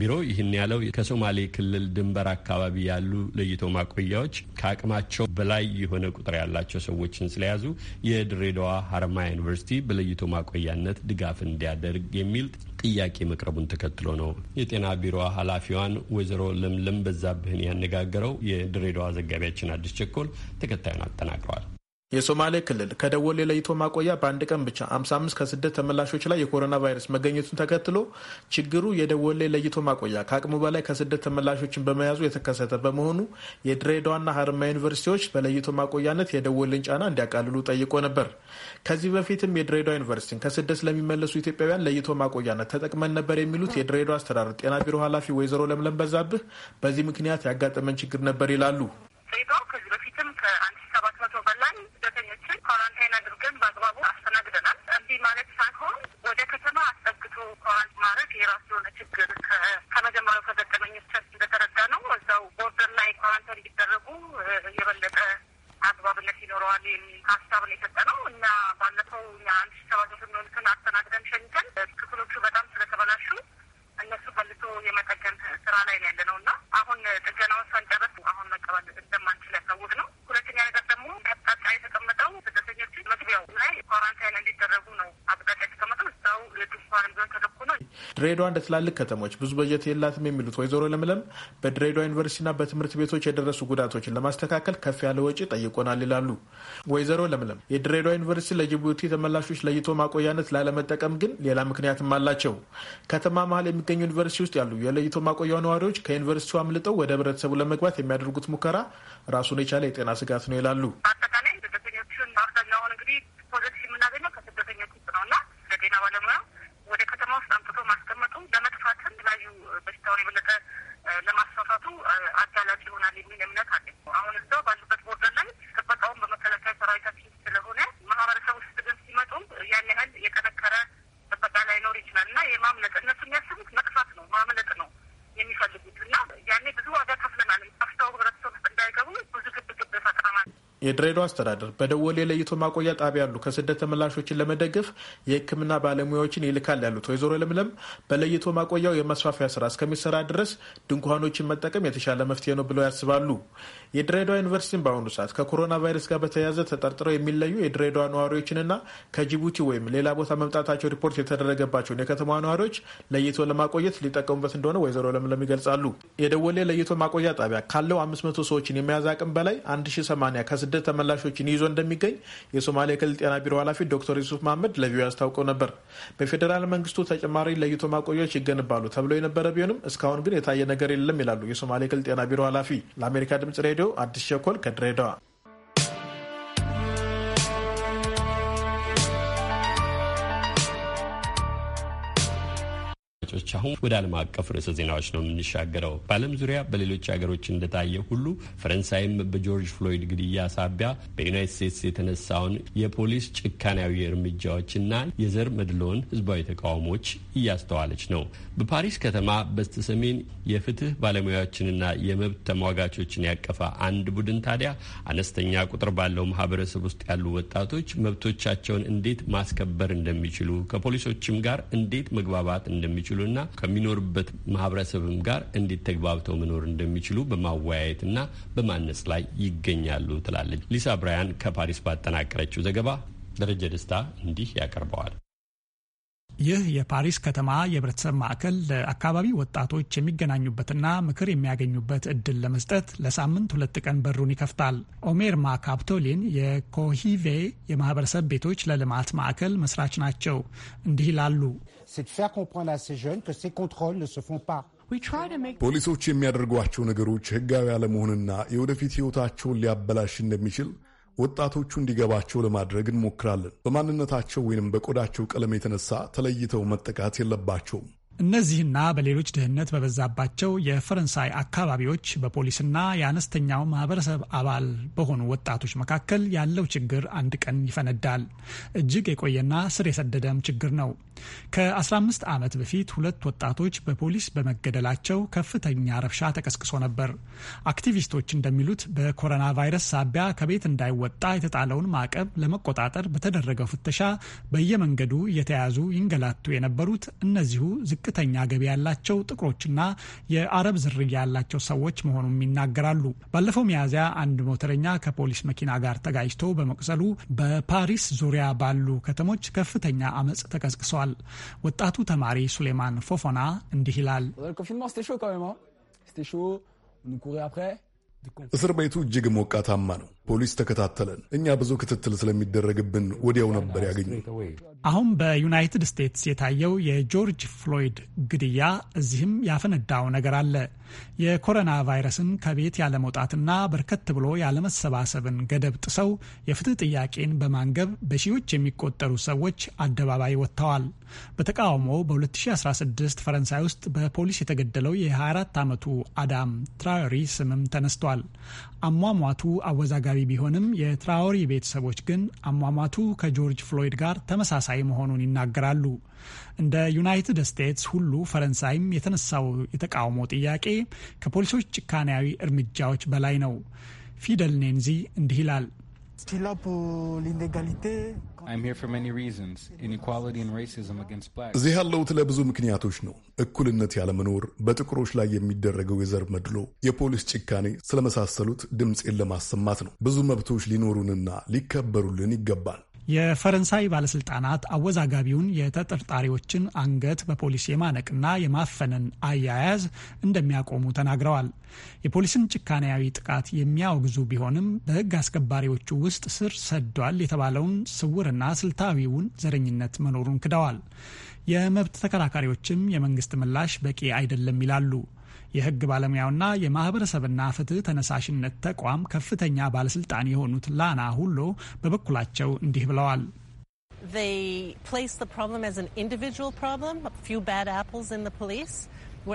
ቢሮ ይህን ያለው ከሶማሌ ክልል ድንበር አካባቢ ያሉ ለይቶ ማቆያዎች ከአቅማቸው በላይ የሆነ ቁጥር ያላቸው ሰዎችን ስለያዙ የድሬዳዋ ሀረማያ ዩኒቨርሲቲ በለይቶ ማቆያነት ድጋፍ እንዲያደርግ የሚል ጥያቄ መቅረቡን ተከትሎ ነው። የጤና ቢሮ ኃላፊዋን ወይዘሮ ለምለም በዛብህን ያነጋገረው የድሬዳዋ ዘጋቢያችን አዲስ ቸኮል ተከታዩን አጠናቅረዋል። የሶማሌ ክልል ከደወሌ ለይቶ ማቆያ በአንድ ቀን ብቻ 55 ከስደት ተመላሾች ላይ የኮሮና ቫይረስ መገኘቱን ተከትሎ ችግሩ የደወሌ ለይቶ ማቆያ ከአቅሙ በላይ ከስደት ተመላሾችን በመያዙ የተከሰተ በመሆኑ የድሬዳዋና ሀረማያ ዩኒቨርሲቲዎች በለይቶ ማቆያነት የደወሌን ጫና እንዲያቃልሉ ጠይቆ ነበር። ከዚህ በፊትም የድሬዳዋ ዩኒቨርሲቲን ከስደት ለሚመለሱ ኢትዮጵያውያን ለይቶ ማቆያነት ተጠቅመን ነበር የሚሉት የድሬዳዋ አስተዳደር ጤና ቢሮ ኃላፊ ወይዘሮ ለምለም በዛብህ በዚህ ምክንያት ያጋጠመን ችግር ነበር ይላሉ። ድሬዳዋ እንደ ትላልቅ ከተሞች ብዙ በጀት የላትም የሚሉት ወይዘሮ ለምለም በድሬዳዋ ዩኒቨርሲቲና በትምህርት ቤቶች የደረሱ ጉዳቶችን ለማስተካከል ከፍ ያለ ወጪ ጠይቆናል ይላሉ። ወይዘሮ ለምለም የድሬዳዋ ዩኒቨርሲቲ ለጅቡቲ ተመላሾች ለይቶ ማቆያነት ላለመጠቀም ግን ሌላ ምክንያትም አላቸው። ከተማ መሀል የሚገኙ ዩኒቨርሲቲ ውስጥ ያሉ የለይቶ ማቆያ ነዋሪዎች ከዩኒቨርሲቲው አምልጠው ወደ ህብረተሰቡ ለመግባት የሚያደርጉት ሙከራ ራሱን የቻለ የጤና ስጋት ነው ይላሉ። የድሬዳዋ አስተዳደር በደወሌ የለይቶ ማቆያ ጣቢያ ያሉ ከስደት ተመላሾችን ለመደገፍ የሕክምና ባለሙያዎችን ይልካል ያሉት ወይዘሮ ለምለም በለይቶ ማቆያው የመስፋፊያ ስራ እስከሚሰራ ድረስ ድንኳኖችን መጠቀም የተሻለ መፍትሄ ነው ብለው ያስባሉ። የድሬዳዋ ዩኒቨርሲቲን በአሁኑ ሰዓት ከኮሮና ቫይረስ ጋር በተያያዘ ተጠርጥረው የሚለዩ የድሬዳዋ ነዋሪዎችንና ከጅቡቲ ወይም ሌላ ቦታ መምጣታቸው ሪፖርት የተደረገባቸውን የከተማዋ ነዋሪዎች ለይቶ ለማቆየት ሊጠቀሙበት እንደሆነ ወይዘሮ ለምለም ይገልጻሉ። የደወሌ ለይቶ ማቆያ ጣቢያ ካለው 500 ሰዎችን የመያዝ አቅም በላይ 1080 ከስደት ተመላሾችን ይዞ እንደሚገኝ የሶማሌ ክልል ጤና ቢሮ ኃላፊ ዶክተር ዩሱፍ መሀመድ ለቪኦኤ አስታውቀው ነበር። በፌዴራል መንግስቱ ተጨማሪ ለይቶ ማቆያዎች ይገነባሉ ተብሎ የነበረ ቢሆንም እስካሁን ግን የታየ ነገር የለም ይላሉ የሶማሌ ክልል ጤና ቢሮ ኃላፊ ለአሜሪካ ድምጽ ሬዲዮ አዲስ ሸኮል ከድሬዳዋ ዜናዎች። አሁን ወደ ዓለም አቀፍ ርዕሰ ዜናዎች ነው የምንሻገረው። በዓለም ዙሪያ በሌሎች ሀገሮች እንደታየ ሁሉ ፈረንሳይም በጆርጅ ፍሎይድ ግድያ ሳቢያ በዩናይት ስቴትስ የተነሳውን የፖሊስ ጭካናዊ እርምጃዎችና የዘር መድሎን ህዝባዊ ተቃውሞች እያስተዋለች ነው። በፓሪስ ከተማ በስተሰሜን የፍትህ ባለሙያዎችንና የመብት ተሟጋቾችን ያቀፈ አንድ ቡድን ታዲያ አነስተኛ ቁጥር ባለው ማህበረሰብ ውስጥ ያሉ ወጣቶች መብቶቻቸውን እንዴት ማስከበር እንደሚችሉ ከፖሊሶችም ጋር እንዴት መግባባት እንደሚችሉ። እና ከሚኖርበት ማህበረሰብም ጋር እንዴት ተግባብተው መኖር እንደሚችሉ በማወያየትና በማነጽ ላይ ይገኛሉ ትላለች ሊሳ ብራያን ከፓሪስ ባጠናቀረችው ዘገባ። ደረጀ ደስታ እንዲህ ያቀርበዋል። ይህ የፓሪስ ከተማ የህብረተሰብ ማዕከል ለአካባቢ ወጣቶች የሚገናኙበትና ምክር የሚያገኙበት እድል ለመስጠት ለሳምንት ሁለት ቀን በሩን ይከፍታል። ኦሜር ማካፕቶሊን የኮሂቬ የማህበረሰብ ቤቶች ለልማት ማዕከል መስራች ናቸው። እንዲህ ይላሉ። c'est de faire comprendre à ces jeunes que ces contrôles ne se font pas. ፖሊሶች የሚያደርጓቸው ነገሮች ህጋዊ አለመሆንና የወደፊት ህይወታቸውን ሊያበላሽ እንደሚችል ወጣቶቹ እንዲገባቸው ለማድረግ እንሞክራለን። በማንነታቸው ወይንም በቆዳቸው ቀለም የተነሳ ተለይተው መጠቃት የለባቸውም። እነዚህና በሌሎች ድህነት በበዛባቸው የፈረንሳይ አካባቢዎች በፖሊስና የአነስተኛው ማህበረሰብ አባል በሆኑ ወጣቶች መካከል ያለው ችግር አንድ ቀን ይፈነዳል። እጅግ የቆየና ስር የሰደደም ችግር ነው። ከ15 ዓመት በፊት ሁለት ወጣቶች በፖሊስ በመገደላቸው ከፍተኛ ረብሻ ተቀስቅሶ ነበር። አክቲቪስቶች እንደሚሉት በኮሮና ቫይረስ ሳቢያ ከቤት እንዳይወጣ የተጣለውን ማዕቀብ ለመቆጣጠር በተደረገው ፍተሻ በየመንገዱ እየተያዙ ይንገላቱ የነበሩት እነዚሁ ዝቅ ዝቅተኛ ገቢ ያላቸው ጥቁሮችና የአረብ ዝርያ ያላቸው ሰዎች መሆኑም ይናገራሉ። ባለፈው ሚያዝያ አንድ ሞተረኛ ከፖሊስ መኪና ጋር ተጋጅቶ በመቁሰሉ በፓሪስ ዙሪያ ባሉ ከተሞች ከፍተኛ አመፅ ተቀስቅሰዋል። ወጣቱ ተማሪ ሱሌማን ፎፎና እንዲህ ይላል። እስር ቤቱ እጅግ ሞቃታማ ነው። ፖሊስ ተከታተለን። እኛ ብዙ ክትትል ስለሚደረግብን ወዲያው ነበር ያገኙ። አሁን በዩናይትድ ስቴትስ የታየው የጆርጅ ፍሎይድ ግድያ እዚህም ያፈነዳው ነገር አለ። የኮሮና ቫይረስን ከቤት ያለመውጣትና በርከት ብሎ ያለመሰባሰብን ገደብ ጥሰው የፍትህ ጥያቄን በማንገብ በሺዎች የሚቆጠሩ ሰዎች አደባባይ ወጥተዋል። በተቃውሞ በ2016 ፈረንሳይ ውስጥ በፖሊስ የተገደለው የ24 ዓመቱ አዳም ትራዮሪ ስምም ተነስቷል። አሟሟቱ አወዛጋ አወዛጋቢ ቢሆንም የትራወሪ ቤተሰቦች ግን አሟሟቱ ከጆርጅ ፍሎይድ ጋር ተመሳሳይ መሆኑን ይናገራሉ። እንደ ዩናይትድ ስቴትስ ሁሉ ፈረንሳይም የተነሳው የተቃውሞ ጥያቄ ከፖሊሶች ጭካኔያዊ እርምጃዎች በላይ ነው። ፊደል ኔንዚ እንዲህ ይላል። እዚህ ያለሁት ለብዙ ምክንያቶች ነው። እኩልነት ያለመኖር፣ በጥቁሮች ላይ የሚደረገው የዘር መድሎ፣ የፖሊስ ጭካኔ ስለመሳሰሉት ድምፄን ለማሰማት ነው። ብዙ መብቶች ሊኖሩንና ሊከበሩልን ይገባል። የፈረንሳይ ባለስልጣናት አወዛጋቢውን የተጠርጣሪዎችን አንገት በፖሊስ የማነቅና የማፈንን አያያዝ እንደሚያቆሙ ተናግረዋል። የፖሊስን ጭካኔያዊ ጥቃት የሚያወግዙ ቢሆንም በሕግ አስከባሪዎቹ ውስጥ ስር ሰዷል የተባለውን ስውርና ስልታዊውን ዘረኝነት መኖሩን ክደዋል። የመብት ተከራካሪዎችም የመንግስት ምላሽ በቂ አይደለም ይላሉ። የህግ ባለሙያውና የማህበረሰብና ፍትህ ተነሳሽነት ተቋም ከፍተኛ ባለስልጣን የሆኑት ላና ሁሎ በበኩላቸው እንዲህ ብለዋል።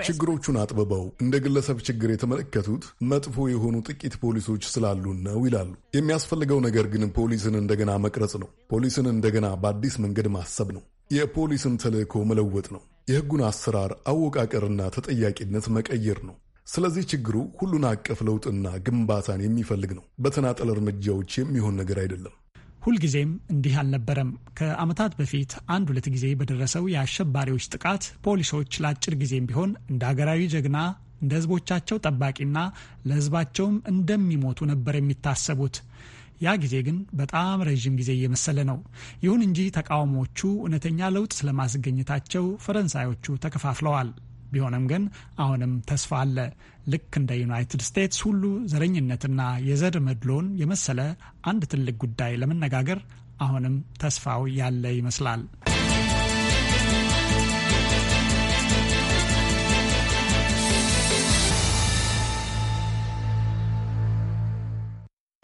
ችግሮቹን አጥብበው እንደ ግለሰብ ችግር የተመለከቱት መጥፎ የሆኑ ጥቂት ፖሊሶች ስላሉን ነው ይላሉ። የሚያስፈልገው ነገር ግን ፖሊስን እንደገና መቅረጽ ነው። ፖሊስን እንደገና በአዲስ መንገድ ማሰብ ነው። የፖሊስን ተልዕኮ መለወጥ ነው። የህጉን አሰራር አወቃቀርና ተጠያቂነት መቀየር ነው። ስለዚህ ችግሩ ሁሉን አቀፍ ለውጥና ግንባታን የሚፈልግ ነው። በተናጠል እርምጃዎች የሚሆን ነገር አይደለም። ሁልጊዜም እንዲህ አልነበረም። ከዓመታት በፊት አንድ ሁለት ጊዜ በደረሰው የአሸባሪዎች ጥቃት ፖሊሶች ለአጭር ጊዜም ቢሆን እንደ ሀገራዊ ጀግና እንደ ህዝቦቻቸው ጠባቂና ለህዝባቸውም እንደሚሞቱ ነበር የሚታሰቡት። ያ ጊዜ ግን በጣም ረዥም ጊዜ እየመሰለ ነው። ይሁን እንጂ ተቃውሞዎቹ እውነተኛ ለውጥ ስለማስገኘታቸው ፈረንሳዮቹ ተከፋፍለዋል። ቢሆንም ግን አሁንም ተስፋ አለ። ልክ እንደ ዩናይትድ ስቴትስ ሁሉ ዘረኝነትና የዘር መድሎን የመሰለ አንድ ትልቅ ጉዳይ ለመነጋገር አሁንም ተስፋው ያለ ይመስላል።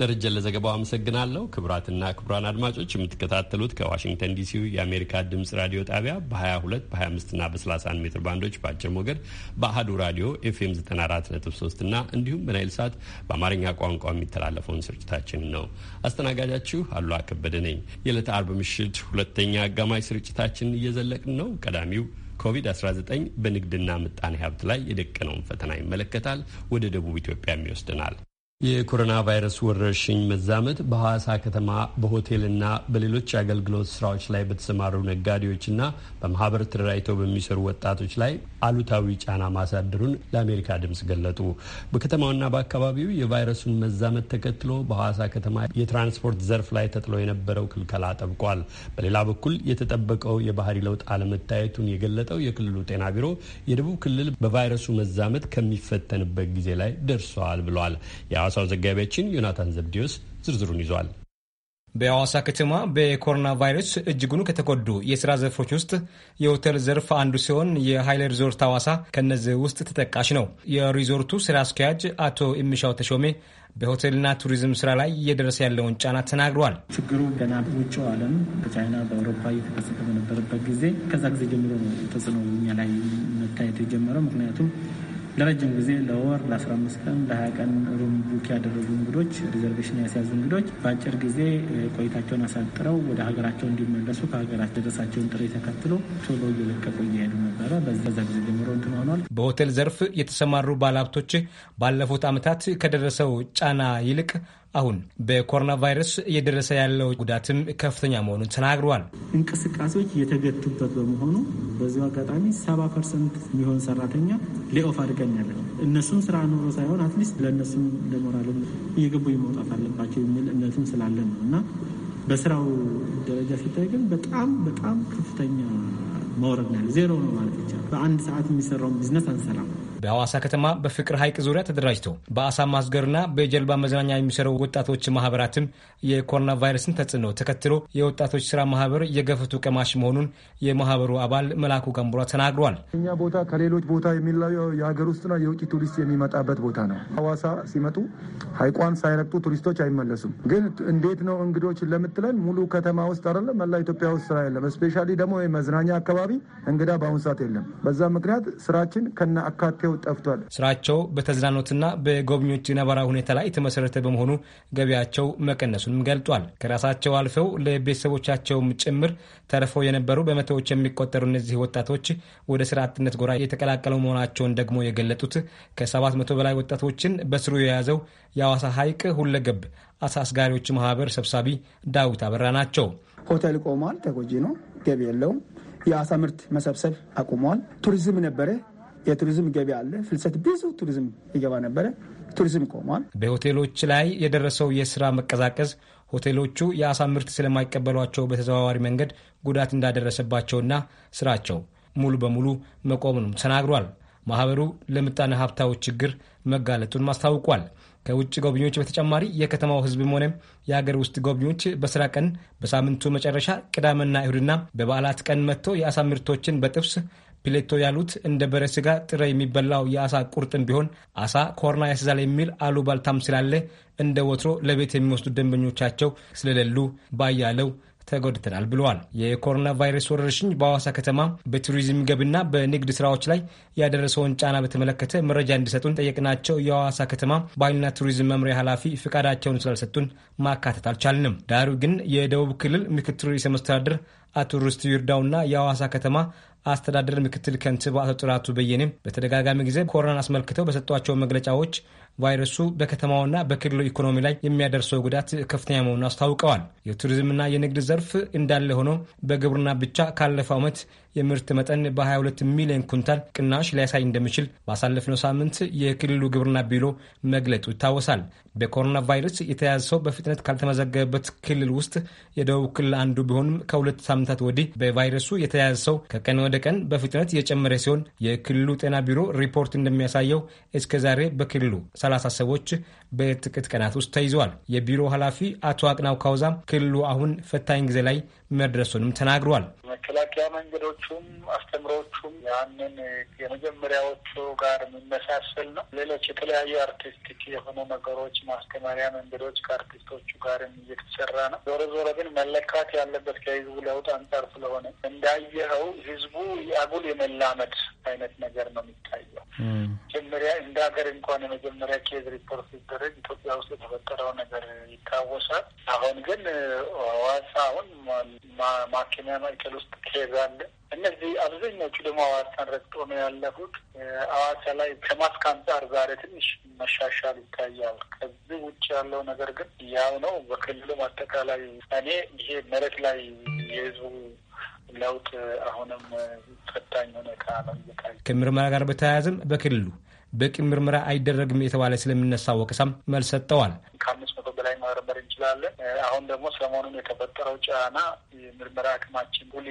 ደረጀ፣ ለዘገባው አመሰግናለሁ። ክቡራትና ክቡራን አድማጮች የምትከታተሉት ከዋሽንግተን ዲሲው የአሜሪካ ድምጽ ራዲዮ ጣቢያ በ22 በ25ና በ31 ሜትር ባንዶች በአጭር ሞገድ በአህዱ ራዲዮ ኤፍኤም 94.3 እና እንዲሁም በናይል ሳት በአማርኛ ቋንቋ የሚተላለፈውን ስርጭታችን ነው። አስተናጋጃችሁ አሉላ ከበደ ነኝ። የዕለተ አርብ ምሽት ሁለተኛ አጋማሽ ስርጭታችን እየዘለቅን ነው። ቀዳሚው ኮቪድ-19 በንግድና ምጣኔ ሀብት ላይ የደቀነውን ፈተና ይመለከታል። ወደ ደቡብ ኢትዮጵያም ይወስድናል። የኮሮና ቫይረስ ወረርሽኝ መዛመት በሐዋሳ ከተማ በሆቴልና በሌሎች የአገልግሎት ስራዎች ላይ በተሰማሩ ነጋዴዎችና በማህበር ተደራጅተው በሚሰሩ ወጣቶች ላይ አሉታዊ ጫና ማሳደሩን ለአሜሪካ ድምፅ ገለጡ። በከተማውና በአካባቢው የቫይረሱን መዛመት ተከትሎ በሐዋሳ ከተማ የትራንስፖርት ዘርፍ ላይ ተጥሎ የነበረው ክልከላ ጠብቋል። በሌላ በኩል የተጠበቀው የባህሪ ለውጥ አለመታየቱን የገለጠው የክልሉ ጤና ቢሮ የደቡብ ክልል በቫይረሱ መዛመት ከሚፈተንበት ጊዜ ላይ ደርሰዋል ብሏል። የሐዋሳው ዘጋቢያችን ዮናታን ዘብዲዮስ ዝርዝሩን ይዟል። በሐዋሳ ከተማ በኮሮና ቫይረስ እጅጉን ከተጎዱ የሥራ ዘርፎች ውስጥ የሆቴል ዘርፍ አንዱ ሲሆን የኃይል ሪዞርት ሐዋሳ ከእነዚህ ውስጥ ተጠቃሽ ነው። የሪዞርቱ ሥራ አስኪያጅ አቶ ኢምሻው ተሾሜ በሆቴልና ቱሪዝም ስራ ላይ እየደረሰ ያለውን ጫና ተናግረዋል። ችግሩ ገና በውጭ ዓለም በቻይና በአውሮፓ እየተከሰተ በነበረበት ጊዜ ከዛ ጊዜ ጀምሮ ነው ተጽዕኖ እኛ ላይ መታየት የጀመረው ምክንያቱም ለረጅም ጊዜ ለወር፣ ለ15 ቀን፣ ለ20 ቀን ሩም ቡክ ያደረጉ እንግዶች ሪዘርቬሽን ያስያዙ እንግዶች በአጭር ጊዜ ቆይታቸውን አሳጥረው ወደ ሀገራቸው እንዲመለሱ ከሀገራቸው ደረሳቸውን ጥሪ ተከትሎ ቶሎ እየለቀቁ እየሄዱ ነበረ። በዛ ጊዜ ጀምሮ እንትን ሆኗል። በሆቴል ዘርፍ የተሰማሩ ባለሀብቶች ባለፉት ዓመታት ከደረሰው ጫና ይልቅ አሁን በኮሮና ቫይረስ እየደረሰ ያለው ጉዳትም ከፍተኛ መሆኑን ተናግረዋል። እንቅስቃሴዎች የተገቱበት በመሆኑ በዚሁ አጋጣሚ ሰባ ፐርሰንት የሚሆን ሰራተኛ ሌኦፍ አድርገን ያለ እነሱም ስራ ኑሮ ሳይሆን አትሊስት ለእነሱም ለሞራልም እየገቡ መውጣት አለባቸው የሚል እምነትም ስላለ ነው እና በስራው ደረጃ ሲታይ ግን በጣም በጣም ከፍተኛ መውረድ ነው ያለ ዜሮ ነው ማለት ይቻላል። በአንድ ሰዓት የሚሰራውን ቢዝነስ አንሰራም። በሐዋሳ ከተማ በፍቅር ሐይቅ ዙሪያ ተደራጅቶ በአሳ ማስገርና በጀልባ መዝናኛ የሚሰሩ ወጣቶች ማህበራትም የኮሮና ቫይረስን ተጽዕኖ ተከትሎ የወጣቶች ስራ ማህበር የገፈቱ ቀማሽ መሆኑን የማህበሩ አባል መላኩ ገንቡራ ተናግሯል። እኛ ቦታ ከሌሎች ቦታ የሚለየው የሀገር ውስጥና የውጭ ቱሪስት የሚመጣበት ቦታ ነው። ሐዋሳ ሲመጡ ሐይቋን ሳይረግጡ ቱሪስቶች አይመለሱም። ግን እንዴት ነው እንግዶች ለምትለን ሙሉ ከተማ ውስጥ አይደለም መላ ኢትዮጵያ ውስጥ ስራ የለም። ስፔሻሊ ደግሞ መዝናኛ አካባቢ እንግዳ በአሁኑ ሰዓት የለም። በዛ ምክንያት ስራችን ከነ አካቴው ጠፍቷል። ስራቸው በተዝናኖትና በጎብኚዎች ነበራ ሁኔታ ላይ የተመሰረተ በመሆኑ ገቢያቸው መቀነሱንም ገልጧል። ከራሳቸው አልፈው ለቤተሰቦቻቸውም ጭምር ተርፈው የነበሩ በመቶዎች የሚቆጠሩ እነዚህ ወጣቶች ወደ ስራ አጥነት ጎራ የተቀላቀለው መሆናቸውን ደግሞ የገለጡት ከሰባት መቶ በላይ ወጣቶችን በስሩ የያዘው የአዋሳ ሐይቅ ሁለገብ አሳ አስጋሪዎች ማህበር ሰብሳቢ ዳዊት አበራ ናቸው። ሆቴል ቆሟል። ተጎጂ ነው። ገቢ የለውም። የአሳ ምርት መሰብሰብ አቁሟል። ቱሪዝም ነበረ የቱሪዝም ገቢ አለ። ፍልሰት ብዙ ቱሪዝም ይገባ ነበረ። ቱሪዝም ቆሟል። በሆቴሎች ላይ የደረሰው የስራ መቀዛቀዝ ሆቴሎቹ የአሳ ምርት ስለማይቀበሏቸው በተዘዋዋሪ መንገድ ጉዳት እንዳደረሰባቸውና ስራቸው ሙሉ በሙሉ መቆሙንም ተናግሯል። ማህበሩ ለምጣኔ ሀብታዊ ችግር መጋለጡን ማስታውቋል። ከውጭ ጎብኚዎች በተጨማሪ የከተማው ህዝብም ሆነ የሀገር ውስጥ ጎብኚዎች በስራ ቀን በሳምንቱ መጨረሻ ቅዳሜና እሁድና በበዓላት ቀን መጥቶ የአሳ ምርቶችን በጥብስ ፒሌቶ ያሉት እንደ በሬ ስጋ ጥሬ የሚበላው የአሳ ቁርጥም ቢሆን አሳ ኮርና ያስዛል የሚል አሉባልታም ስላለ እንደ ወትሮ ለቤት የሚወስዱ ደንበኞቻቸው ስለሌሉ ባያለው ተጎድተናል ብለዋል። የኮሮና ቫይረስ ወረርሽኝ በሐዋሳ ከተማ በቱሪዝም ገብና በንግድ ስራዎች ላይ ያደረሰውን ጫና በተመለከተ መረጃ እንዲሰጡን ጠየቅናቸው። የሐዋሳ ከተማ ባህልና ቱሪዝም መምሪያ ኃላፊ ፍቃዳቸውን ስላልሰጡን ማካተት አልቻልንም። ዳሩ ግን የደቡብ ክልል ምክትል ርዕሰ መስተዳድር አቶ ርስቱ ይርዳውና የሐዋሳ ከተማ አስተዳደር ምክትል ከንቲባ አቶ ጥራቱ በየኔም በተደጋጋሚ ጊዜ ኮሮናን አስመልክተው በሰጧቸው መግለጫዎች ቫይረሱ በከተማውና በክልሉ ኢኮኖሚ ላይ የሚያደርሰው ጉዳት ከፍተኛ መሆኑን አስታውቀዋል። የቱሪዝምና የንግድ ዘርፍ እንዳለ ሆኖ በግብርና ብቻ ካለፈው ዓመት የምርት መጠን በ22 ሚሊዮን ኩንታል ቅናሽ ሊያሳይ እንደሚችል ባሳለፍነው ሳምንት የክልሉ ግብርና ቢሮ መግለጡ ይታወሳል። በኮሮና ቫይረስ የተያዘ ሰው በፍጥነት ካልተመዘገበበት ክልል ውስጥ የደቡብ ክልል አንዱ ቢሆንም ከሁለት ሳምንታት ወዲህ በቫይረሱ የተያዘ ሰው ከቀን ወደ ቀን በፍጥነት የጨመረ ሲሆን የክልሉ ጤና ቢሮ ሪፖርት እንደሚያሳየው እስከ ዛሬ በክልሉ salas a በጥቂት ቀናት ውስጥ ተይዘዋል። የቢሮ ኃላፊ አቶ አቅናው ካውዛም ክልሉ አሁን ፈታኝ ጊዜ ላይ መድረሱንም ተናግሯል። መከላከያ መንገዶቹም አስተምሮቹም ያንን የመጀመሪያዎቹ ጋር የሚመሳሰል ነው። ሌሎች የተለያዩ አርቲስቲክ የሆኑ ነገሮች ማስተማሪያ መንገዶች ከአርቲስቶቹ ጋር እየተሰራ ነው። ዞሮ ዞሮ ግን መለካት ያለበት ከህዝቡ ለውጥ አንጻር ስለሆነ እንዳየኸው ህዝቡ አጉል የመላመድ አይነት ነገር ነው የሚታየው። መጀመሪያ እንደ ሀገር እንኳን የመጀመሪያ ኬዝ ሪፖርት ሲደረግ ማድረግ ኢትዮጵያ ውስጥ የተፈጠረው ነገር ይታወሳል። አሁን ግን ሀዋሳ አሁን ማከሚያ ማዕከል ውስጥ ኬዝ አለ። እነዚህ አብዛኛዎቹ ደግሞ ሐዋሳን ረግጦ ነው ያለፉት። ሀዋሳ ላይ ከማስክ አንጻር ዛሬ ትንሽ መሻሻል ይታያል። ከዚህ ውጭ ያለው ነገር ግን ያው ነው። በክልሉም አጠቃላይ እኔ ይሄ መሬት ላይ የህዝቡ ለውጥ አሁንም ፈታኝ ሁኔታ ነው። ከምርመራ ጋር በተያያዘም በክልሉ በቂ ምርመራ አይደረግም የተባለ ስለሚነሳ ወቀሳም መልስ ሰጥተዋል። ከአምስት መቶ በላይ መመርመር እንችላለን። አሁን ደግሞ ሰሞኑን የተፈጠረው ጫና የምርመራ አቅማችን ሁሊ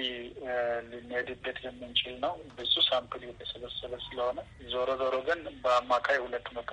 ልንሄድበት የምንችል ነው። ብዙ ሳምፕል የተሰበሰበ ስለሆነ ዞሮ ዞሮ ግን በአማካይ ሁለት መቶ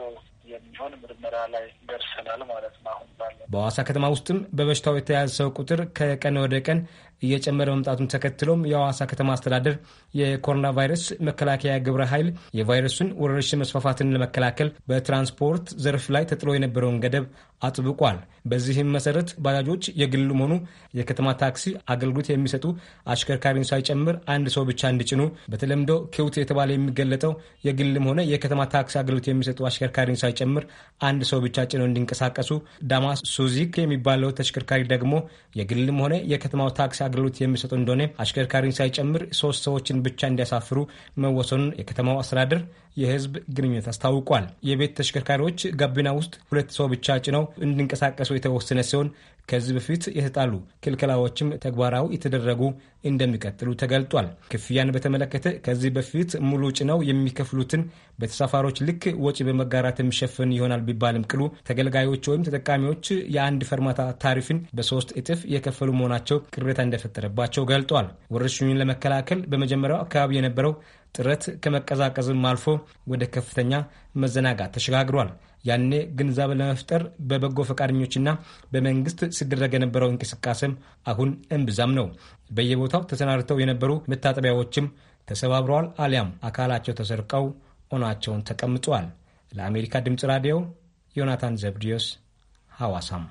የሚሆን ምርመራ ላይ ደርሰናል ማለት ነው። አሁን ባለ በሐዋሳ ከተማ ውስጥም በበሽታው የተያዘ ሰው ቁጥር ከቀን ወደ ቀን እየጨመረ መምጣቱን ተከትሎም የሐዋሳ ከተማ አስተዳደር የኮሮና ቫይረስ መከላከያ ግብረ ኃይል የቫይረሱን ወረርሽኝ መስፋፋትን ለመከላከል በትራንስፖርት ዘርፍ ላይ ተጥሎ የነበረውን ገደብ አጥብቋል። በዚህም መሰረት ባጃጆች የግልም ሆኑ የከተማ ታክሲ አገልግሎት የሚሰጡ አሽከርካሪን ሳይጨምር አንድ ሰው ብቻ እንዲጭኑ፣ በተለምዶ ክውት የተባለ የሚገለጠው የግልም ሆነ የከተማ ታክሲ አገልግሎት የሚሰጡ አሽከርካሪን ሳይጨምር አንድ ሰው ብቻ ጭነው እንዲንቀሳቀሱ፣ ዳማ ሱዚክ የሚባለው ተሽከርካሪ ደግሞ የግልም ሆነ የከተማው ታክሲ አገልግሎት የሚሰጡ እንደሆነ አሽከርካሪን ሳይጨምር ሶስት ሰዎችን ብቻ እንዲያሳፍሩ መወሰኑን የከተማው አስተዳደር የህዝብ ግንኙነት አስታውቋል። የቤት ተሽከርካሪዎች ጋቢና ውስጥ ሁለት ሰው ብቻ ጭነው እንዲንቀሳቀሱ የተወሰነ ሲሆን ከዚህ በፊት የተጣሉ ክልከላዎችም ተግባራዊ የተደረጉ እንደሚቀጥሉ ተገልጧል። ክፍያን በተመለከተ ከዚህ በፊት ሙሉ ጭነው የሚከፍሉትን በተሳፋሪዎች ልክ ወጪ በመጋራት የሚሸፍን ይሆናል ቢባልም ቅሉ ተገልጋዮች ወይም ተጠቃሚዎች የአንድ ፈርማታ ታሪፍን በሶስት እጥፍ የከፈሉ መሆናቸው ቅሬታ እንደፈጠረባቸው ገልጧል። ወረርሽኙን ለመከላከል በመጀመሪያው አካባቢ የነበረው ጥረት ከመቀዛቀዝም አልፎ ወደ ከፍተኛ መዘናጋት ተሸጋግሯል። ያኔ ግንዛቤ ለመፍጠር በበጎ ፈቃደኞችና በመንግስት ሲደረግ የነበረው እንቅስቃሴም አሁን እምብዛም ነው። በየቦታው ተሰናድተው የነበሩ መታጠቢያዎችም ተሰባብረዋል፣ አሊያም አካላቸው ተሰርቀው ሆናቸውን ተቀምጠዋል። ለአሜሪካ ድምፅ ራዲዮ ዮናታን ዘብዲዮስ ሐዋሳም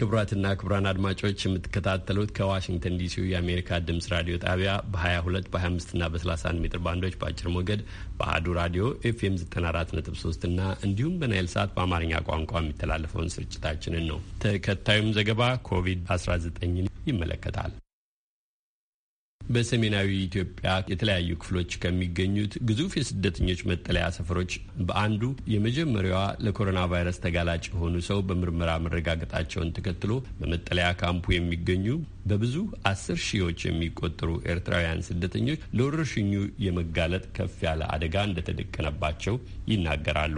ክቡራትና ክቡራን አድማጮች የምትከታተሉት ከዋሽንግተን ዲሲው የአሜሪካ ድምጽ ራዲዮ ጣቢያ በ22 በ25 ና በ31 ሜትር ባንዶች በአጭር ሞገድ በአዱ ራዲዮ ኤፍኤም 943 እና እንዲሁም በናይል ሰዓት በአማርኛ ቋንቋ የሚተላለፈውን ስርጭታችንን ነው። ተከታዩም ዘገባ ኮቪድ-19 ይመለከታል። በሰሜናዊ ኢትዮጵያ የተለያዩ ክፍሎች ከሚገኙት ግዙፍ የስደተኞች መጠለያ ሰፈሮች በአንዱ የመጀመሪያዋ ለኮሮና ቫይረስ ተጋላጭ የሆኑ ሰው በምርመራ መረጋገጣቸውን ተከትሎ በመጠለያ ካምፑ የሚገኙ በብዙ አስር ሺዎች የሚቆጠሩ ኤርትራውያን ስደተኞች ለወረርሽኙ የመጋለጥ ከፍ ያለ አደጋ እንደተደቀነባቸው ይናገራሉ።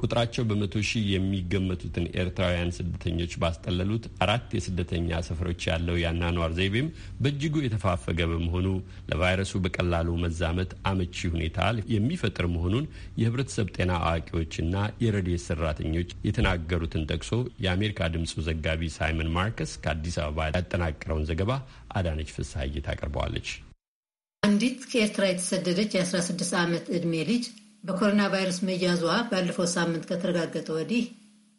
ቁጥራቸው በመቶ ሺህ የሚገመቱትን ኤርትራውያን ስደተኞች ባስጠለሉት አራት የስደተኛ ሰፈሮች ያለው የአኗኗር ዘይቤም በእጅጉ የተፋፈገ በመሆኑ ለቫይረሱ በቀላሉ መዛመት አመቺ ሁኔታ የሚፈጥር መሆኑን የሕብረተሰብ ጤና አዋቂዎችና የረድኤት ሰራተኞች የተናገሩትን ጠቅሶ የአሜሪካ ድምፁ ዘጋቢ ሳይመን ማርከስ ከአዲስ አበባ ያጠናቀረውን ዘገባ አዳነች ፍስሐዬ ታቀርበዋለች። አንዲት ከኤርትራ የተሰደደች የ16 ዓመት ዕድሜ ልጅ በኮሮና ቫይረስ መያዟ ባለፈው ሳምንት ከተረጋገጠ ወዲህ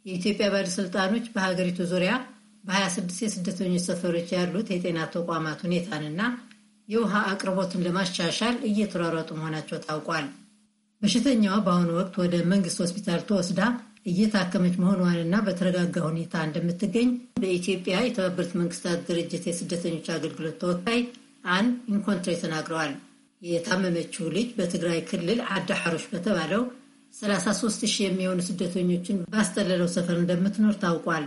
የኢትዮጵያ ባለሥልጣኖች በሀገሪቱ ዙሪያ በ26 የስደተኞች ሰፈሮች ያሉት የጤና ተቋማት ሁኔታንና የውሃ አቅርቦትን ለማሻሻል እየተሯሯጡ መሆናቸው ታውቋል። በሽተኛዋ በአሁኑ ወቅት ወደ መንግስት ሆስፒታል ተወስዳ እየታከመች መሆኗንና በተረጋጋ ሁኔታ እንደምትገኝ በኢትዮጵያ የተባበሩት መንግስታት ድርጅት የስደተኞች አገልግሎት ተወካይ አን ኢንኮንትሬ ተናግረዋል። የታመመችው ልጅ በትግራይ ክልል አዳ ሐሮሽ በተባለው 33000 የሚሆኑ ስደተኞችን ባስጠለለው ሰፈር እንደምትኖር ታውቋል።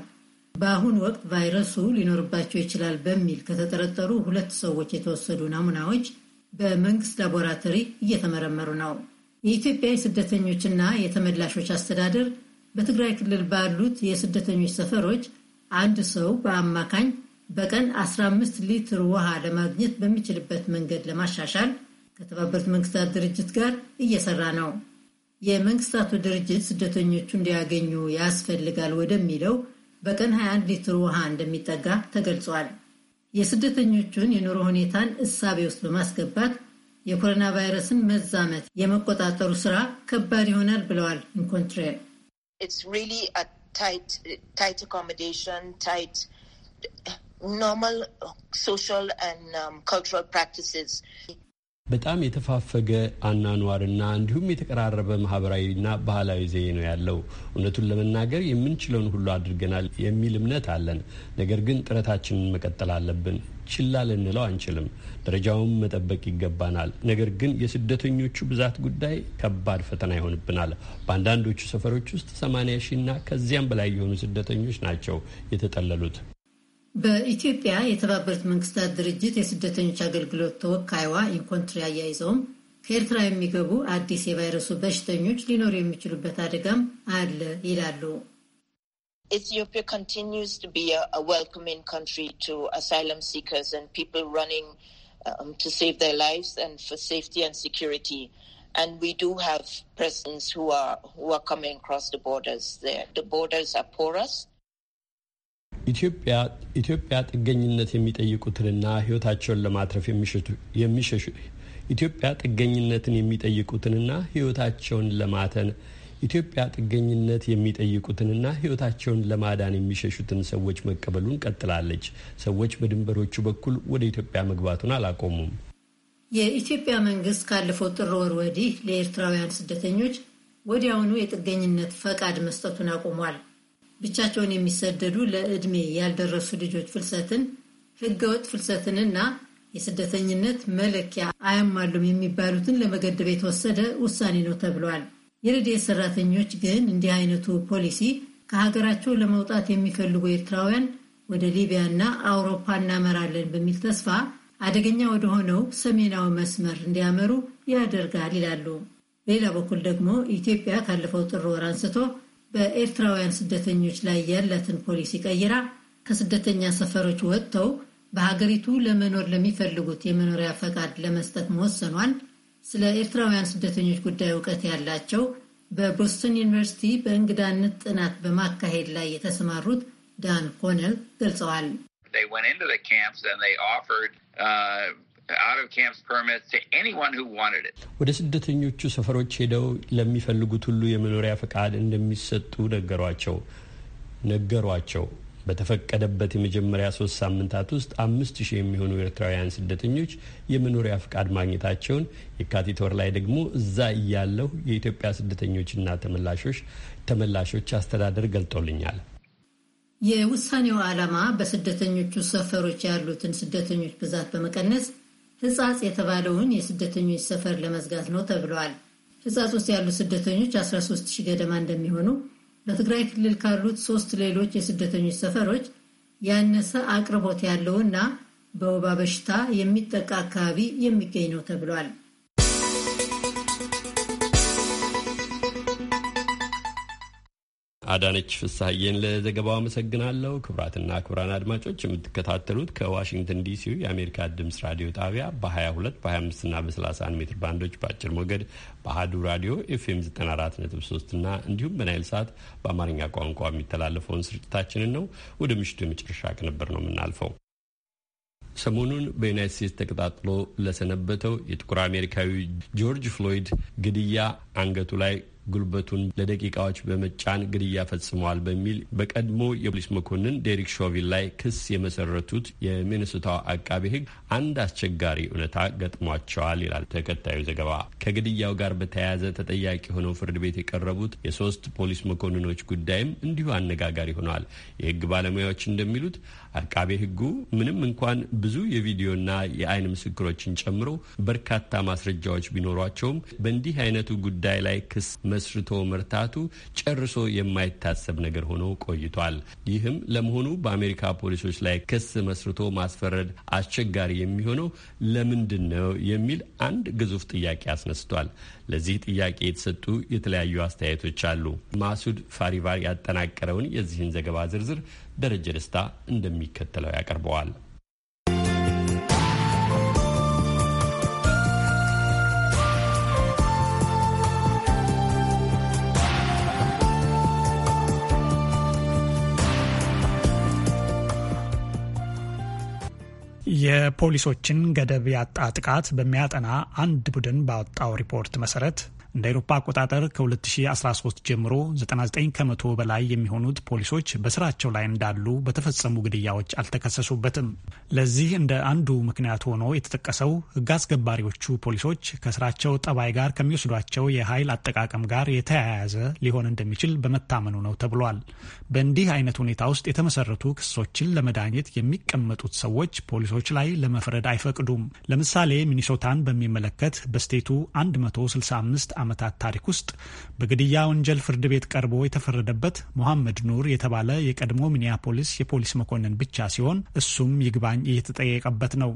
በአሁኑ ወቅት ቫይረሱ ሊኖርባቸው ይችላል በሚል ከተጠረጠሩ ሁለት ሰዎች የተወሰዱ ናሙናዎች በመንግስት ላቦራቶሪ እየተመረመሩ ነው። የኢትዮጵያ የስደተኞችና የተመላሾች አስተዳደር በትግራይ ክልል ባሉት የስደተኞች ሰፈሮች አንድ ሰው በአማካኝ በቀን 15 ሊትር ውሃ ለማግኘት በሚችልበት መንገድ ለማሻሻል ከተባበሩት መንግስታት ድርጅት ጋር እየሰራ ነው። የመንግስታቱ ድርጅት ስደተኞቹ እንዲያገኙ ያስፈልጋል ወደሚለው በቀን 21 ሊትር ውሃ እንደሚጠጋ ተገልጿል። የስደተኞቹን የኑሮ ሁኔታን እሳቤ ውስጥ በማስገባት የኮሮና ቫይረስን መዛመት የመቆጣጠሩ ስራ ከባድ ይሆናል ብለዋል ኢንኮንትሬ በጣም የተፋፈገ አናኗርና እንዲሁም የተቀራረበ ማህበራዊና ባህላዊ ዘዬ ነው ያለው። እውነቱን ለመናገር የምንችለውን ሁሉ አድርገናል የሚል እምነት አለን። ነገር ግን ጥረታችንን መቀጠል አለብን። ችላ ልንለው አንችልም። ደረጃውን መጠበቅ ይገባናል። ነገር ግን የስደተኞቹ ብዛት ጉዳይ ከባድ ፈተና ይሆንብናል። በአንዳንዶቹ ሰፈሮች ውስጥ ሰማንያ ሺህ ከዚያም በላይ የሆኑ ስደተኞች ናቸው የተጠለሉት። በኢትዮጵያ የተባበሩት መንግስታት ድርጅት የስደተኞች አገልግሎት ተወካይዋ ኢንኮንትሪ አያይዘውም ከኤርትራ የሚገቡ አዲስ የቫይረሱ በሽተኞች ሊኖሩ የሚችሉበት አደጋም አለ ይላሉ። Ethiopia continues to be a, a welcoming country to asylum seekers and people running um, to save their lives and for safety and security. And we do have persons who are who are coming across the borders there. The borders are porous, ኢትዮጵያ ጥገኝነት የሚጠይቁትንና ህይወታቸውን ለማትረፍ የሚሸሹ ኢትዮጵያ ጥገኝነትን የሚጠይቁትንና ህይወታቸውን ለማተን ኢትዮጵያ ጥገኝነት የሚጠይቁትንና ህይወታቸውን ለማዳን የሚሸሹትን ሰዎች መቀበሉን ቀጥላለች። ሰዎች በድንበሮቹ በኩል ወደ ኢትዮጵያ መግባቱን አላቆሙም። የኢትዮጵያ መንግስት ካለፈው ጥር ወር ወዲህ ለኤርትራውያን ስደተኞች ወዲያውኑ የጥገኝነት ፈቃድ መስጠቱን አቁሟል። ብቻቸውን የሚሰደዱ ለዕድሜ ያልደረሱ ልጆች ፍልሰትን፣ ህገወጥ ፍልሰትንና የስደተኝነት መለኪያ አያማሉም የሚባሉትን ለመገደብ የተወሰደ ውሳኔ ነው ተብሏል። የረድኤት ሰራተኞች ግን እንዲህ አይነቱ ፖሊሲ ከሀገራቸው ለመውጣት የሚፈልጉ ኤርትራውያን ወደ ሊቢያና አውሮፓ እናመራለን በሚል ተስፋ አደገኛ ወደ ሆነው ሰሜናዊ መስመር እንዲያመሩ ያደርጋል ይላሉ። በሌላ በኩል ደግሞ ኢትዮጵያ ካለፈው ጥር ወር አንስቶ በኤርትራውያን ስደተኞች ላይ ያላትን ፖሊሲ ቀይራ ከስደተኛ ሰፈሮች ወጥተው በሀገሪቱ ለመኖር ለሚፈልጉት የመኖሪያ ፈቃድ ለመስጠት መወሰኗን ስለ ኤርትራውያን ስደተኞች ጉዳይ እውቀት ያላቸው በቦስተን ዩኒቨርሲቲ በእንግዳነት ጥናት በማካሄድ ላይ የተሰማሩት ዳን ኮነል ገልጸዋል። ወደ ስደተኞቹ ሰፈሮች ሄደው ለሚፈልጉት ሁሉ የመኖሪያ ፈቃድ እንደሚሰጡ ነገሯቸው ነገሯቸው። በተፈቀደበት የመጀመሪያ ሶስት ሳምንታት ውስጥ አምስት ሺህ የሚሆኑ ኤርትራውያን ስደተኞች የመኖሪያ ፍቃድ ማግኘታቸውን የካቲት ወር ላይ ደግሞ እዛ እያለሁ የኢትዮጵያ ስደተኞችና ተመላሾች ተመላሾች አስተዳደር ገልጦልኛል። የውሳኔው ዓላማ በስደተኞቹ ሰፈሮች ያሉትን ስደተኞች ብዛት በመቀነስ ሕጻጽ የተባለውን የስደተኞች ሰፈር ለመዝጋት ነው ተብሏል። ህጻጽ ውስጥ ያሉ ስደተኞች 13 ሺህ ገደማ እንደሚሆኑ በትግራይ ክልል ካሉት ሶስት ሌሎች የስደተኞች ሰፈሮች ያነሰ አቅርቦት ያለውና በወባ በሽታ የሚጠቃ አካባቢ የሚገኝ ነው ተብሏል። አዳነች ፍሳሐዬን ለዘገባው አመሰግናለሁ። ክቡራትና ክቡራን አድማጮች የምትከታተሉት ከዋሽንግተን ዲሲው የአሜሪካ ድምጽ ራዲዮ ጣቢያ በ22 በ25ና በ31 ሜትር ባንዶች በአጭር ሞገድ በአህዱ ራዲዮ ኤፍኤም 943 እና እንዲሁም በናይል ሰዓት በአማርኛ ቋንቋ የሚተላለፈውን ስርጭታችንን ነው። ወደ ምሽቱ የመጨረሻ ቅንብር ነው የምናልፈው። ሰሞኑን በዩናይት ስቴትስ ተቀጣጥሎ ለሰነበተው የጥቁር አሜሪካዊ ጆርጅ ፍሎይድ ግድያ አንገቱ ላይ ጉልበቱን ለደቂቃዎች በመጫን ግድያ ፈጽመዋል በሚል በቀድሞ የፖሊስ መኮንን ዴሪክ ሾቪል ላይ ክስ የመሰረቱት የሚኒሶታ አቃቤ ሕግ አንድ አስቸጋሪ እውነታ ገጥሟቸዋል ይላል ተከታዩ ዘገባ። ከግድያው ጋር በተያያዘ ተጠያቂ ሆነው ፍርድ ቤት የቀረቡት የሶስት ፖሊስ መኮንኖች ጉዳይም እንዲሁ አነጋጋሪ ሆኗል። የህግ ባለሙያዎች እንደሚሉት አቃቤ ህጉ ምንም እንኳን ብዙ የቪዲዮና የአይን ምስክሮችን ጨምሮ በርካታ ማስረጃዎች ቢኖሯቸውም በእንዲህ አይነቱ ጉዳይ ላይ ክስ መስርቶ መርታቱ ጨርሶ የማይታሰብ ነገር ሆኖ ቆይቷል። ይህም ለመሆኑ በአሜሪካ ፖሊሶች ላይ ክስ መስርቶ ማስፈረድ አስቸጋሪ የሚሆነው ለምንድን ነው የሚል አንድ ግዙፍ ጥያቄ አስነስቷል። ለዚህ ጥያቄ የተሰጡ የተለያዩ አስተያየቶች አሉ። ማሱድ ፋሪቫር ያጠናቀረውን የዚህን ዘገባ ዝርዝር ደረጀ ደስታ እንደሚከተለው ያቀርበዋል። የፖሊሶችን ገደብ ያጣ ጥቃት በሚያጠና አንድ ቡድን ባወጣው ሪፖርት መሰረት እንደ አውሮፓ አቆጣጠር ከ2013 ጀምሮ 99 ከመቶ በላይ የሚሆኑት ፖሊሶች በስራቸው ላይ እንዳሉ በተፈጸሙ ግድያዎች አልተከሰሱበትም። ለዚህ እንደ አንዱ ምክንያት ሆኖ የተጠቀሰው ሕግ አስከባሪዎቹ ፖሊሶች ከስራቸው ጠባይ ጋር ከሚወስዷቸው የኃይል አጠቃቀም ጋር የተያያዘ ሊሆን እንደሚችል በመታመኑ ነው ተብሏል። በእንዲህ አይነት ሁኔታ ውስጥ የተመሰረቱ ክሶችን ለመዳኘት የሚቀመጡት ሰዎች ፖሊሶች ላይ ለመፍረድ አይፈቅዱም። ለምሳሌ ሚኒሶታን በሚመለከት በስቴቱ 165 ዓመታት ታሪክ ውስጥ በግድያ ወንጀል ፍርድ ቤት ቀርቦ የተፈረደበት ሞሐመድ ኑር የተባለ የቀድሞ ሚኒያፖሊስ የፖሊስ መኮንን ብቻ ሲሆን እሱም ይግባኝ እየተጠየቀበት ነው።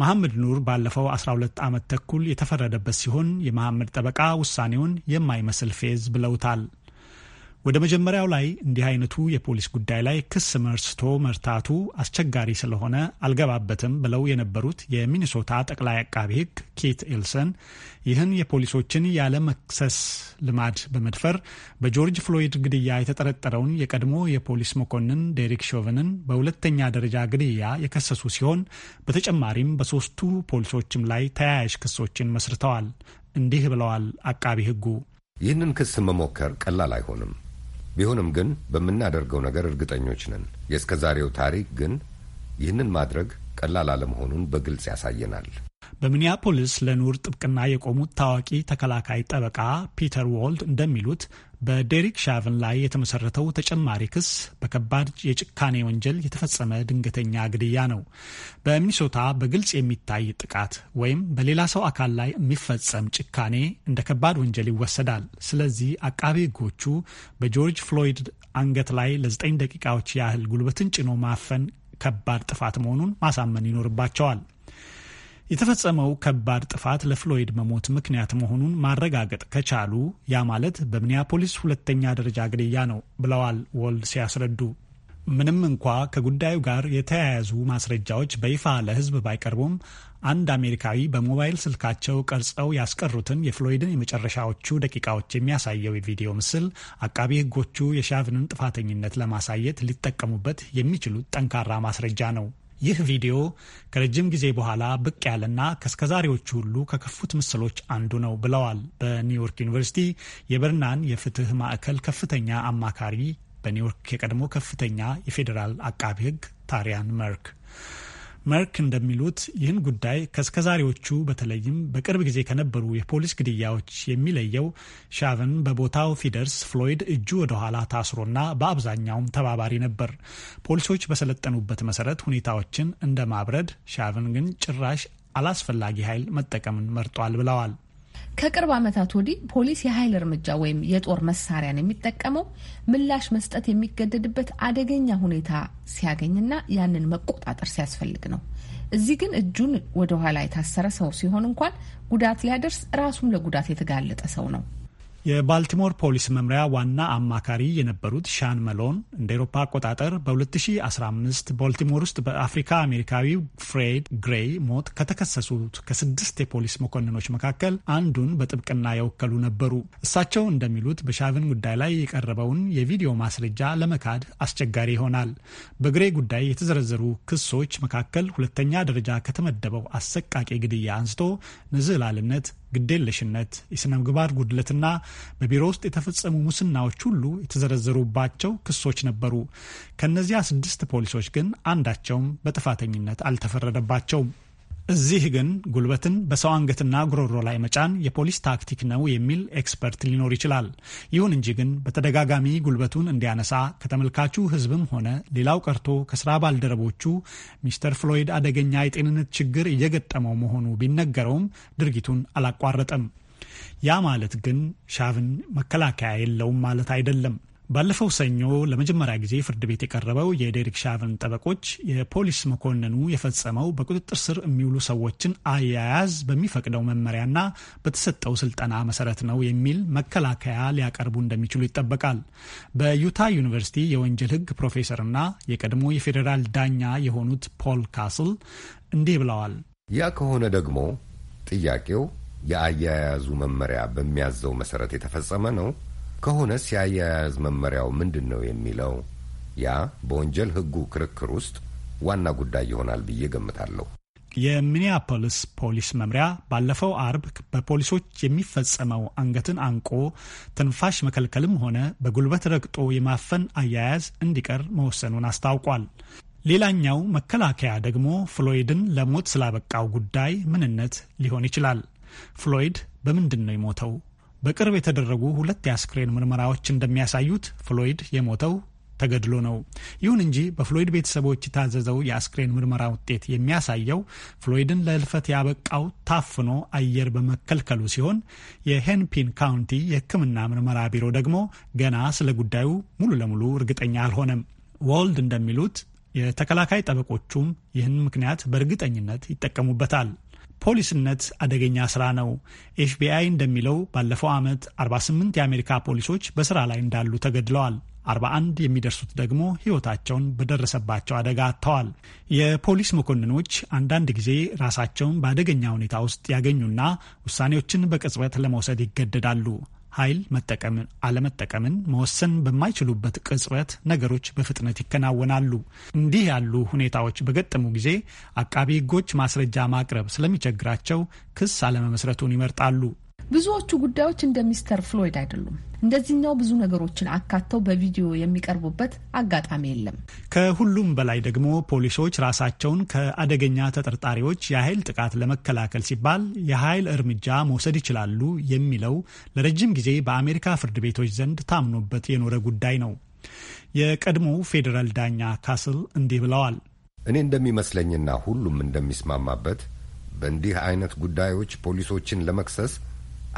መሐመድ ኑር ባለፈው 12 ዓመት ተኩል የተፈረደበት ሲሆን የመሐመድ ጠበቃ ውሳኔውን የማይመስል ፌዝ ብለውታል። ወደ መጀመሪያው ላይ እንዲህ አይነቱ የፖሊስ ጉዳይ ላይ ክስ መርስቶ መርታቱ አስቸጋሪ ስለሆነ አልገባበትም ብለው የነበሩት የሚኒሶታ ጠቅላይ አቃቢ ሕግ ኬት ኤልሰን ይህን የፖሊሶችን ያለ መክሰስ ልማድ በመድፈር በጆርጅ ፍሎይድ ግድያ የተጠረጠረውን የቀድሞ የፖሊስ መኮንን ዴሪክ ሾቨንን በሁለተኛ ደረጃ ግድያ የከሰሱ ሲሆን በተጨማሪም በሶስቱ ፖሊሶችም ላይ ተያያዥ ክሶችን መስርተዋል። እንዲህ ብለዋል አቃቢ ሕጉ ይህንን ክስ መሞከር ቀላል አይሆንም። ቢሆንም ግን በምናደርገው ነገር እርግጠኞች ነን። የእስከ ዛሬው ታሪክ ግን ይህንን ማድረግ ቀላል አለመሆኑን በግልጽ ያሳየናል። በሚኒያፖሊስ ለኑር ጥብቅና የቆሙት ታዋቂ ተከላካይ ጠበቃ ፒተር ዎልድ እንደሚሉት በዴሪክ ሻቭን ላይ የተመሰረተው ተጨማሪ ክስ በከባድ የጭካኔ ወንጀል የተፈጸመ ድንገተኛ ግድያ ነው። በሚኒሶታ በግልጽ የሚታይ ጥቃት ወይም በሌላ ሰው አካል ላይ የሚፈጸም ጭካኔ እንደ ከባድ ወንጀል ይወሰዳል። ስለዚህ አቃቤ ሕጎቹ በጆርጅ ፍሎይድ አንገት ላይ ለዘጠኝ ደቂቃዎች ያህል ጉልበትን ጭኖ ማፈን ከባድ ጥፋት መሆኑን ማሳመን ይኖርባቸዋል። የተፈጸመው ከባድ ጥፋት ለፍሎይድ መሞት ምክንያት መሆኑን ማረጋገጥ ከቻሉ ያ ማለት በሚኒያፖሊስ ሁለተኛ ደረጃ ግድያ ነው ብለዋል ወልድ ሲያስረዱ። ምንም እንኳ ከጉዳዩ ጋር የተያያዙ ማስረጃዎች በይፋ ለሕዝብ ባይቀርቡም አንድ አሜሪካዊ በሞባይል ስልካቸው ቀርጸው ያስቀሩትን የፍሎይድን የመጨረሻዎቹ ደቂቃዎች የሚያሳየው የቪዲዮ ምስል አቃቢ ሕጎቹ የሻቪንን ጥፋተኝነት ለማሳየት ሊጠቀሙበት የሚችሉት ጠንካራ ማስረጃ ነው። ይህ ቪዲዮ ከረጅም ጊዜ በኋላ ብቅ ያለና ከእስከዛሬዎቹ ሁሉ ከከፉት ምስሎች አንዱ ነው ብለዋል በኒውዮርክ ዩኒቨርሲቲ የበርናን የፍትህ ማዕከል ከፍተኛ አማካሪ በኒውዮርክ የቀድሞ ከፍተኛ የፌዴራል አቃቢ ህግ ታሪያን መርክ መርክ እንደሚሉት ይህን ጉዳይ ከእስከዛሬዎቹ በተለይም በቅርብ ጊዜ ከነበሩ የፖሊስ ግድያዎች የሚለየው ሻቨን በቦታው ፊደርስ ፍሎይድ እጁ ወደኋላ ታስሮና በአብዛኛውም ተባባሪ ነበር። ፖሊሶች በሰለጠኑበት መሰረት ሁኔታዎችን እንደ ማብረድ፣ ሻቨን ግን ጭራሽ አላስፈላጊ ኃይል መጠቀምን መርጧል ብለዋል። ከቅርብ ዓመታት ወዲህ ፖሊስ የኃይል እርምጃ ወይም የጦር መሳሪያን የሚጠቀመው ምላሽ መስጠት የሚገደድበት አደገኛ ሁኔታ ሲያገኝና ያንን መቆጣጠር ሲያስፈልግ ነው። እዚህ ግን እጁን ወደኋላ የታሰረ ሰው ሲሆን እንኳን ጉዳት ሊያደርስ ራሱም ለጉዳት የተጋለጠ ሰው ነው። የባልቲሞር ፖሊስ መምሪያ ዋና አማካሪ የነበሩት ሻን መሎን እንደ ኤሮፓ አቆጣጠር በ2015 ባልቲሞር ውስጥ በአፍሪካ አሜሪካዊው ፍሬድ ግሬይ ሞት ከተከሰሱት ከስድስት የፖሊስ መኮንኖች መካከል አንዱን በጥብቅና የወከሉ ነበሩ። እሳቸው እንደሚሉት በሻቪን ጉዳይ ላይ የቀረበውን የቪዲዮ ማስረጃ ለመካድ አስቸጋሪ ይሆናል። በግሬይ ጉዳይ የተዘረዘሩ ክሶች መካከል ሁለተኛ ደረጃ ከተመደበው አሰቃቂ ግድያ አንስቶ ንዝህላልነት ግዴለሽነት፣ የሥነ ምግባር ጉድለትና በቢሮ ውስጥ የተፈጸሙ ሙስናዎች ሁሉ የተዘረዘሩባቸው ክሶች ነበሩ። ከእነዚያ ስድስት ፖሊሶች ግን አንዳቸውም በጥፋተኝነት አልተፈረደባቸውም። እዚህ ግን ጉልበትን በሰው አንገትና ጉሮሮ ላይ መጫን የፖሊስ ታክቲክ ነው የሚል ኤክስፐርት ሊኖር ይችላል። ይሁን እንጂ ግን በተደጋጋሚ ጉልበቱን እንዲያነሳ ከተመልካቹ ሕዝብም ሆነ ሌላው ቀርቶ ከስራ ባልደረቦቹ ሚስተር ፍሎይድ አደገኛ የጤንነት ችግር እየገጠመው መሆኑ ቢነገረውም ድርጊቱን አላቋረጠም። ያ ማለት ግን ሻቭን መከላከያ የለውም ማለት አይደለም። ባለፈው ሰኞ ለመጀመሪያ ጊዜ ፍርድ ቤት የቀረበው የዴሪክ ሻቨን ጠበቆች የፖሊስ መኮንኑ የፈጸመው በቁጥጥር ስር የሚውሉ ሰዎችን አያያዝ በሚፈቅደው መመሪያና በተሰጠው ስልጠና መሰረት ነው የሚል መከላከያ ሊያቀርቡ እንደሚችሉ ይጠበቃል። በዩታ ዩኒቨርሲቲ የወንጀል ሕግ ፕሮፌሰርና የቀድሞ የፌዴራል ዳኛ የሆኑት ፖል ካስል እንዲህ ብለዋል። ያ ከሆነ ደግሞ ጥያቄው የአያያዙ መመሪያ በሚያዘው መሰረት የተፈጸመ ነው ከሆነስ የአያያዝ መመሪያው ምንድን ነው የሚለው ያ በወንጀል ህጉ ክርክር ውስጥ ዋና ጉዳይ ይሆናል ብዬ ገምታለሁ። የሚኒያፖሊስ ፖሊስ መምሪያ ባለፈው አርብ በፖሊሶች የሚፈጸመው አንገትን አንቆ ትንፋሽ መከልከልም ሆነ በጉልበት ረግጦ የማፈን አያያዝ እንዲቀር መወሰኑን አስታውቋል። ሌላኛው መከላከያ ደግሞ ፍሎይድን ለሞት ስላበቃው ጉዳይ ምንነት ሊሆን ይችላል። ፍሎይድ በምንድን ነው የሞተው በቅርብ የተደረጉ ሁለት የአስክሬን ምርመራዎች እንደሚያሳዩት ፍሎይድ የሞተው ተገድሎ ነው። ይሁን እንጂ በፍሎይድ ቤተሰቦች የታዘዘው የአስክሬን ምርመራ ውጤት የሚያሳየው ፍሎይድን ለእልፈት ያበቃው ታፍኖ አየር በመከልከሉ ሲሆን የሄንፒን ካውንቲ የሕክምና ምርመራ ቢሮ ደግሞ ገና ስለ ጉዳዩ ሙሉ ለሙሉ እርግጠኛ አልሆነም። ወልድ እንደሚሉት የተከላካይ ጠበቆቹም ይህን ምክንያት በእርግጠኝነት ይጠቀሙበታል። ፖሊስነት አደገኛ ስራ ነው። ኤፍቢአይ እንደሚለው ባለፈው ዓመት 48 የአሜሪካ ፖሊሶች በስራ ላይ እንዳሉ ተገድለዋል። 41 የሚደርሱት ደግሞ ሕይወታቸውን በደረሰባቸው አደጋ አጥተዋል። የፖሊስ መኮንኖች አንዳንድ ጊዜ ራሳቸውን በአደገኛ ሁኔታ ውስጥ ያገኙና ውሳኔዎችን በቅጽበት ለመውሰድ ይገደዳሉ። ኃይል መጠቀምን አለመጠቀምን መወሰን በማይችሉበት ቅጽበት ነገሮች በፍጥነት ይከናወናሉ። እንዲህ ያሉ ሁኔታዎች በገጠሙ ጊዜ አቃቢ ሕጎች ማስረጃ ማቅረብ ስለሚቸግራቸው ክስ አለመመስረቱን ይመርጣሉ። ብዙዎቹ ጉዳዮች እንደ ሚስተር ፍሎይድ አይደሉም። እንደዚህኛው ብዙ ነገሮችን አካተው በቪዲዮ የሚቀርቡበት አጋጣሚ የለም። ከሁሉም በላይ ደግሞ ፖሊሶች ራሳቸውን ከአደገኛ ተጠርጣሪዎች የኃይል ጥቃት ለመከላከል ሲባል የኃይል እርምጃ መውሰድ ይችላሉ የሚለው ለረጅም ጊዜ በአሜሪካ ፍርድ ቤቶች ዘንድ ታምኖበት የኖረ ጉዳይ ነው። የቀድሞው ፌዴራል ዳኛ ካስል እንዲህ ብለዋል። እኔ እንደሚመስለኝና ሁሉም እንደሚስማማበት በእንዲህ አይነት ጉዳዮች ፖሊሶችን ለመክሰስ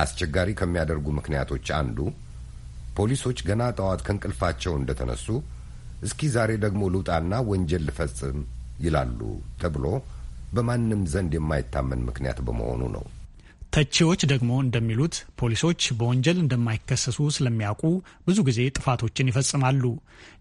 አስቸጋሪ ከሚያደርጉ ምክንያቶች አንዱ ፖሊሶች ገና ጠዋት ከእንቅልፋቸው እንደተነሱ እስኪ ዛሬ ደግሞ ልውጣና ወንጀል ልፈጽም ይላሉ ተብሎ በማንም ዘንድ የማይታመን ምክንያት በመሆኑ ነው። ተቺዎች ደግሞ እንደሚሉት ፖሊሶች በወንጀል እንደማይከሰሱ ስለሚያውቁ ብዙ ጊዜ ጥፋቶችን ይፈጽማሉ።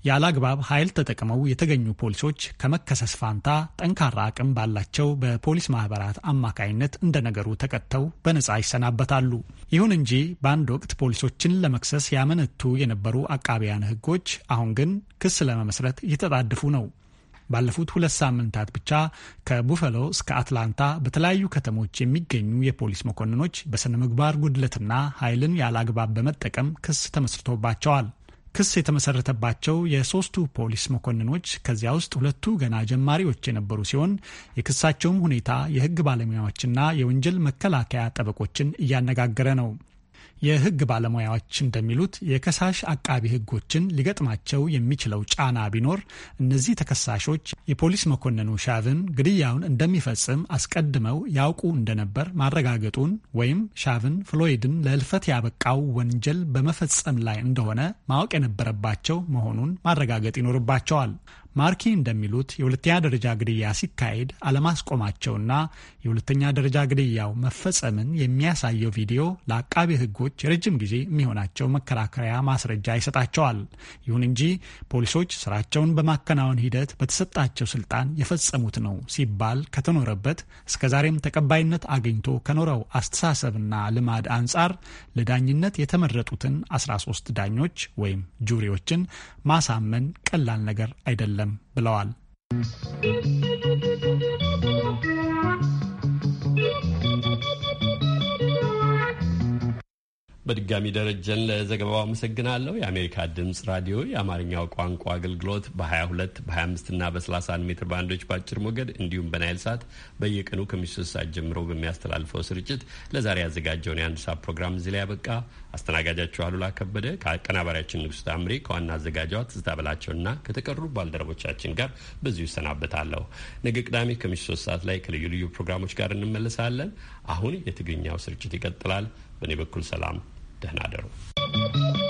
ያለ አግባብ ኃይል ተጠቅመው የተገኙ ፖሊሶች ከመከሰስ ፋንታ ጠንካራ አቅም ባላቸው በፖሊስ ማህበራት አማካይነት እንደ ነገሩ ተቀጥተው በነፃ ይሰናበታሉ። ይሁን እንጂ በአንድ ወቅት ፖሊሶችን ለመክሰስ ያመነቱ የነበሩ አቃቢያን ሕጎች አሁን ግን ክስ ለመመስረት እየተጣደፉ ነው። ባለፉት ሁለት ሳምንታት ብቻ ከቡፈሎ እስከ አትላንታ በተለያዩ ከተሞች የሚገኙ የፖሊስ መኮንኖች በስነ ምግባር ጉድለትና ኃይልን ያላግባብ በመጠቀም ክስ ተመስርቶባቸዋል። ክስ የተመሰረተባቸው የሶስቱ ፖሊስ መኮንኖች ከዚያ ውስጥ ሁለቱ ገና ጀማሪዎች የነበሩ ሲሆን የክሳቸውም ሁኔታ የሕግ ባለሙያዎችና የወንጀል መከላከያ ጠበቆችን እያነጋገረ ነው። የህግ ባለሙያዎች እንደሚሉት የከሳሽ አቃቢ ህጎችን ሊገጥማቸው የሚችለው ጫና ቢኖር እነዚህ ተከሳሾች የፖሊስ መኮንኑ ሻቭን ግድያውን እንደሚፈጽም አስቀድመው ያውቁ እንደነበር ማረጋገጡን ወይም ሻቭን ፍሎይድን ለልፈት ያበቃው ወንጀል በመፈጸም ላይ እንደሆነ ማወቅ የነበረባቸው መሆኑን ማረጋገጥ ይኖርባቸዋል። ማርኪ እንደሚሉት የሁለተኛ ደረጃ ግድያ ሲካሄድ አለማስቆማቸውና የሁለተኛ ደረጃ ግድያው መፈጸምን የሚያሳየው ቪዲዮ ለአቃቢ ሕጎች የረጅም ጊዜ የሚሆናቸው መከራከሪያ ማስረጃ ይሰጣቸዋል። ይሁን እንጂ ፖሊሶች ስራቸውን በማከናወን ሂደት በተሰጣቸው ስልጣን የፈጸሙት ነው ሲባል ከተኖረበት እስከዛሬም ተቀባይነት አግኝቶ ከኖረው አስተሳሰብና ልማድ አንጻር ለዳኝነት የተመረጡትን 13 ዳኞች ወይም ጁሪዎችን ማሳመን ቀላል ነገር አይደለም። ብለዋል። በድጋሚ ደረጀን ለዘገባው አመሰግናለሁ። የአሜሪካ ድምፅ ራዲዮ የአማርኛው ቋንቋ አገልግሎት በ22 በ25 እና በ31 ሜትር ባንዶች በአጭር ሞገድ እንዲሁም በናይል ሳት በየቀኑ ከምሽቱ ሰዓት ጀምሮ በሚያስተላልፈው ስርጭት ለዛሬ ያዘጋጀውን የአንድ ሰዓት ፕሮግራም እዚህ ላይ ያበቃ። አስተናጋጃችሁ አሉላ ከበደ ከአቀናባሪያችን ንጉስ ታምሬ ከዋና አዘጋጇ ትዝታ በላቸውና ከተቀሩ ባልደረቦቻችን ጋር በዚሁ ይሰናበታለሁ። ነገ ቅዳሜ ከምሽቱ ሶስት ሰዓት ላይ ከልዩ ልዩ ፕሮግራሞች ጋር እንመለሳለን። አሁን የትግርኛው ስርጭት ይቀጥላል። በእኔ በኩል ሰላም ደህና አደሩ።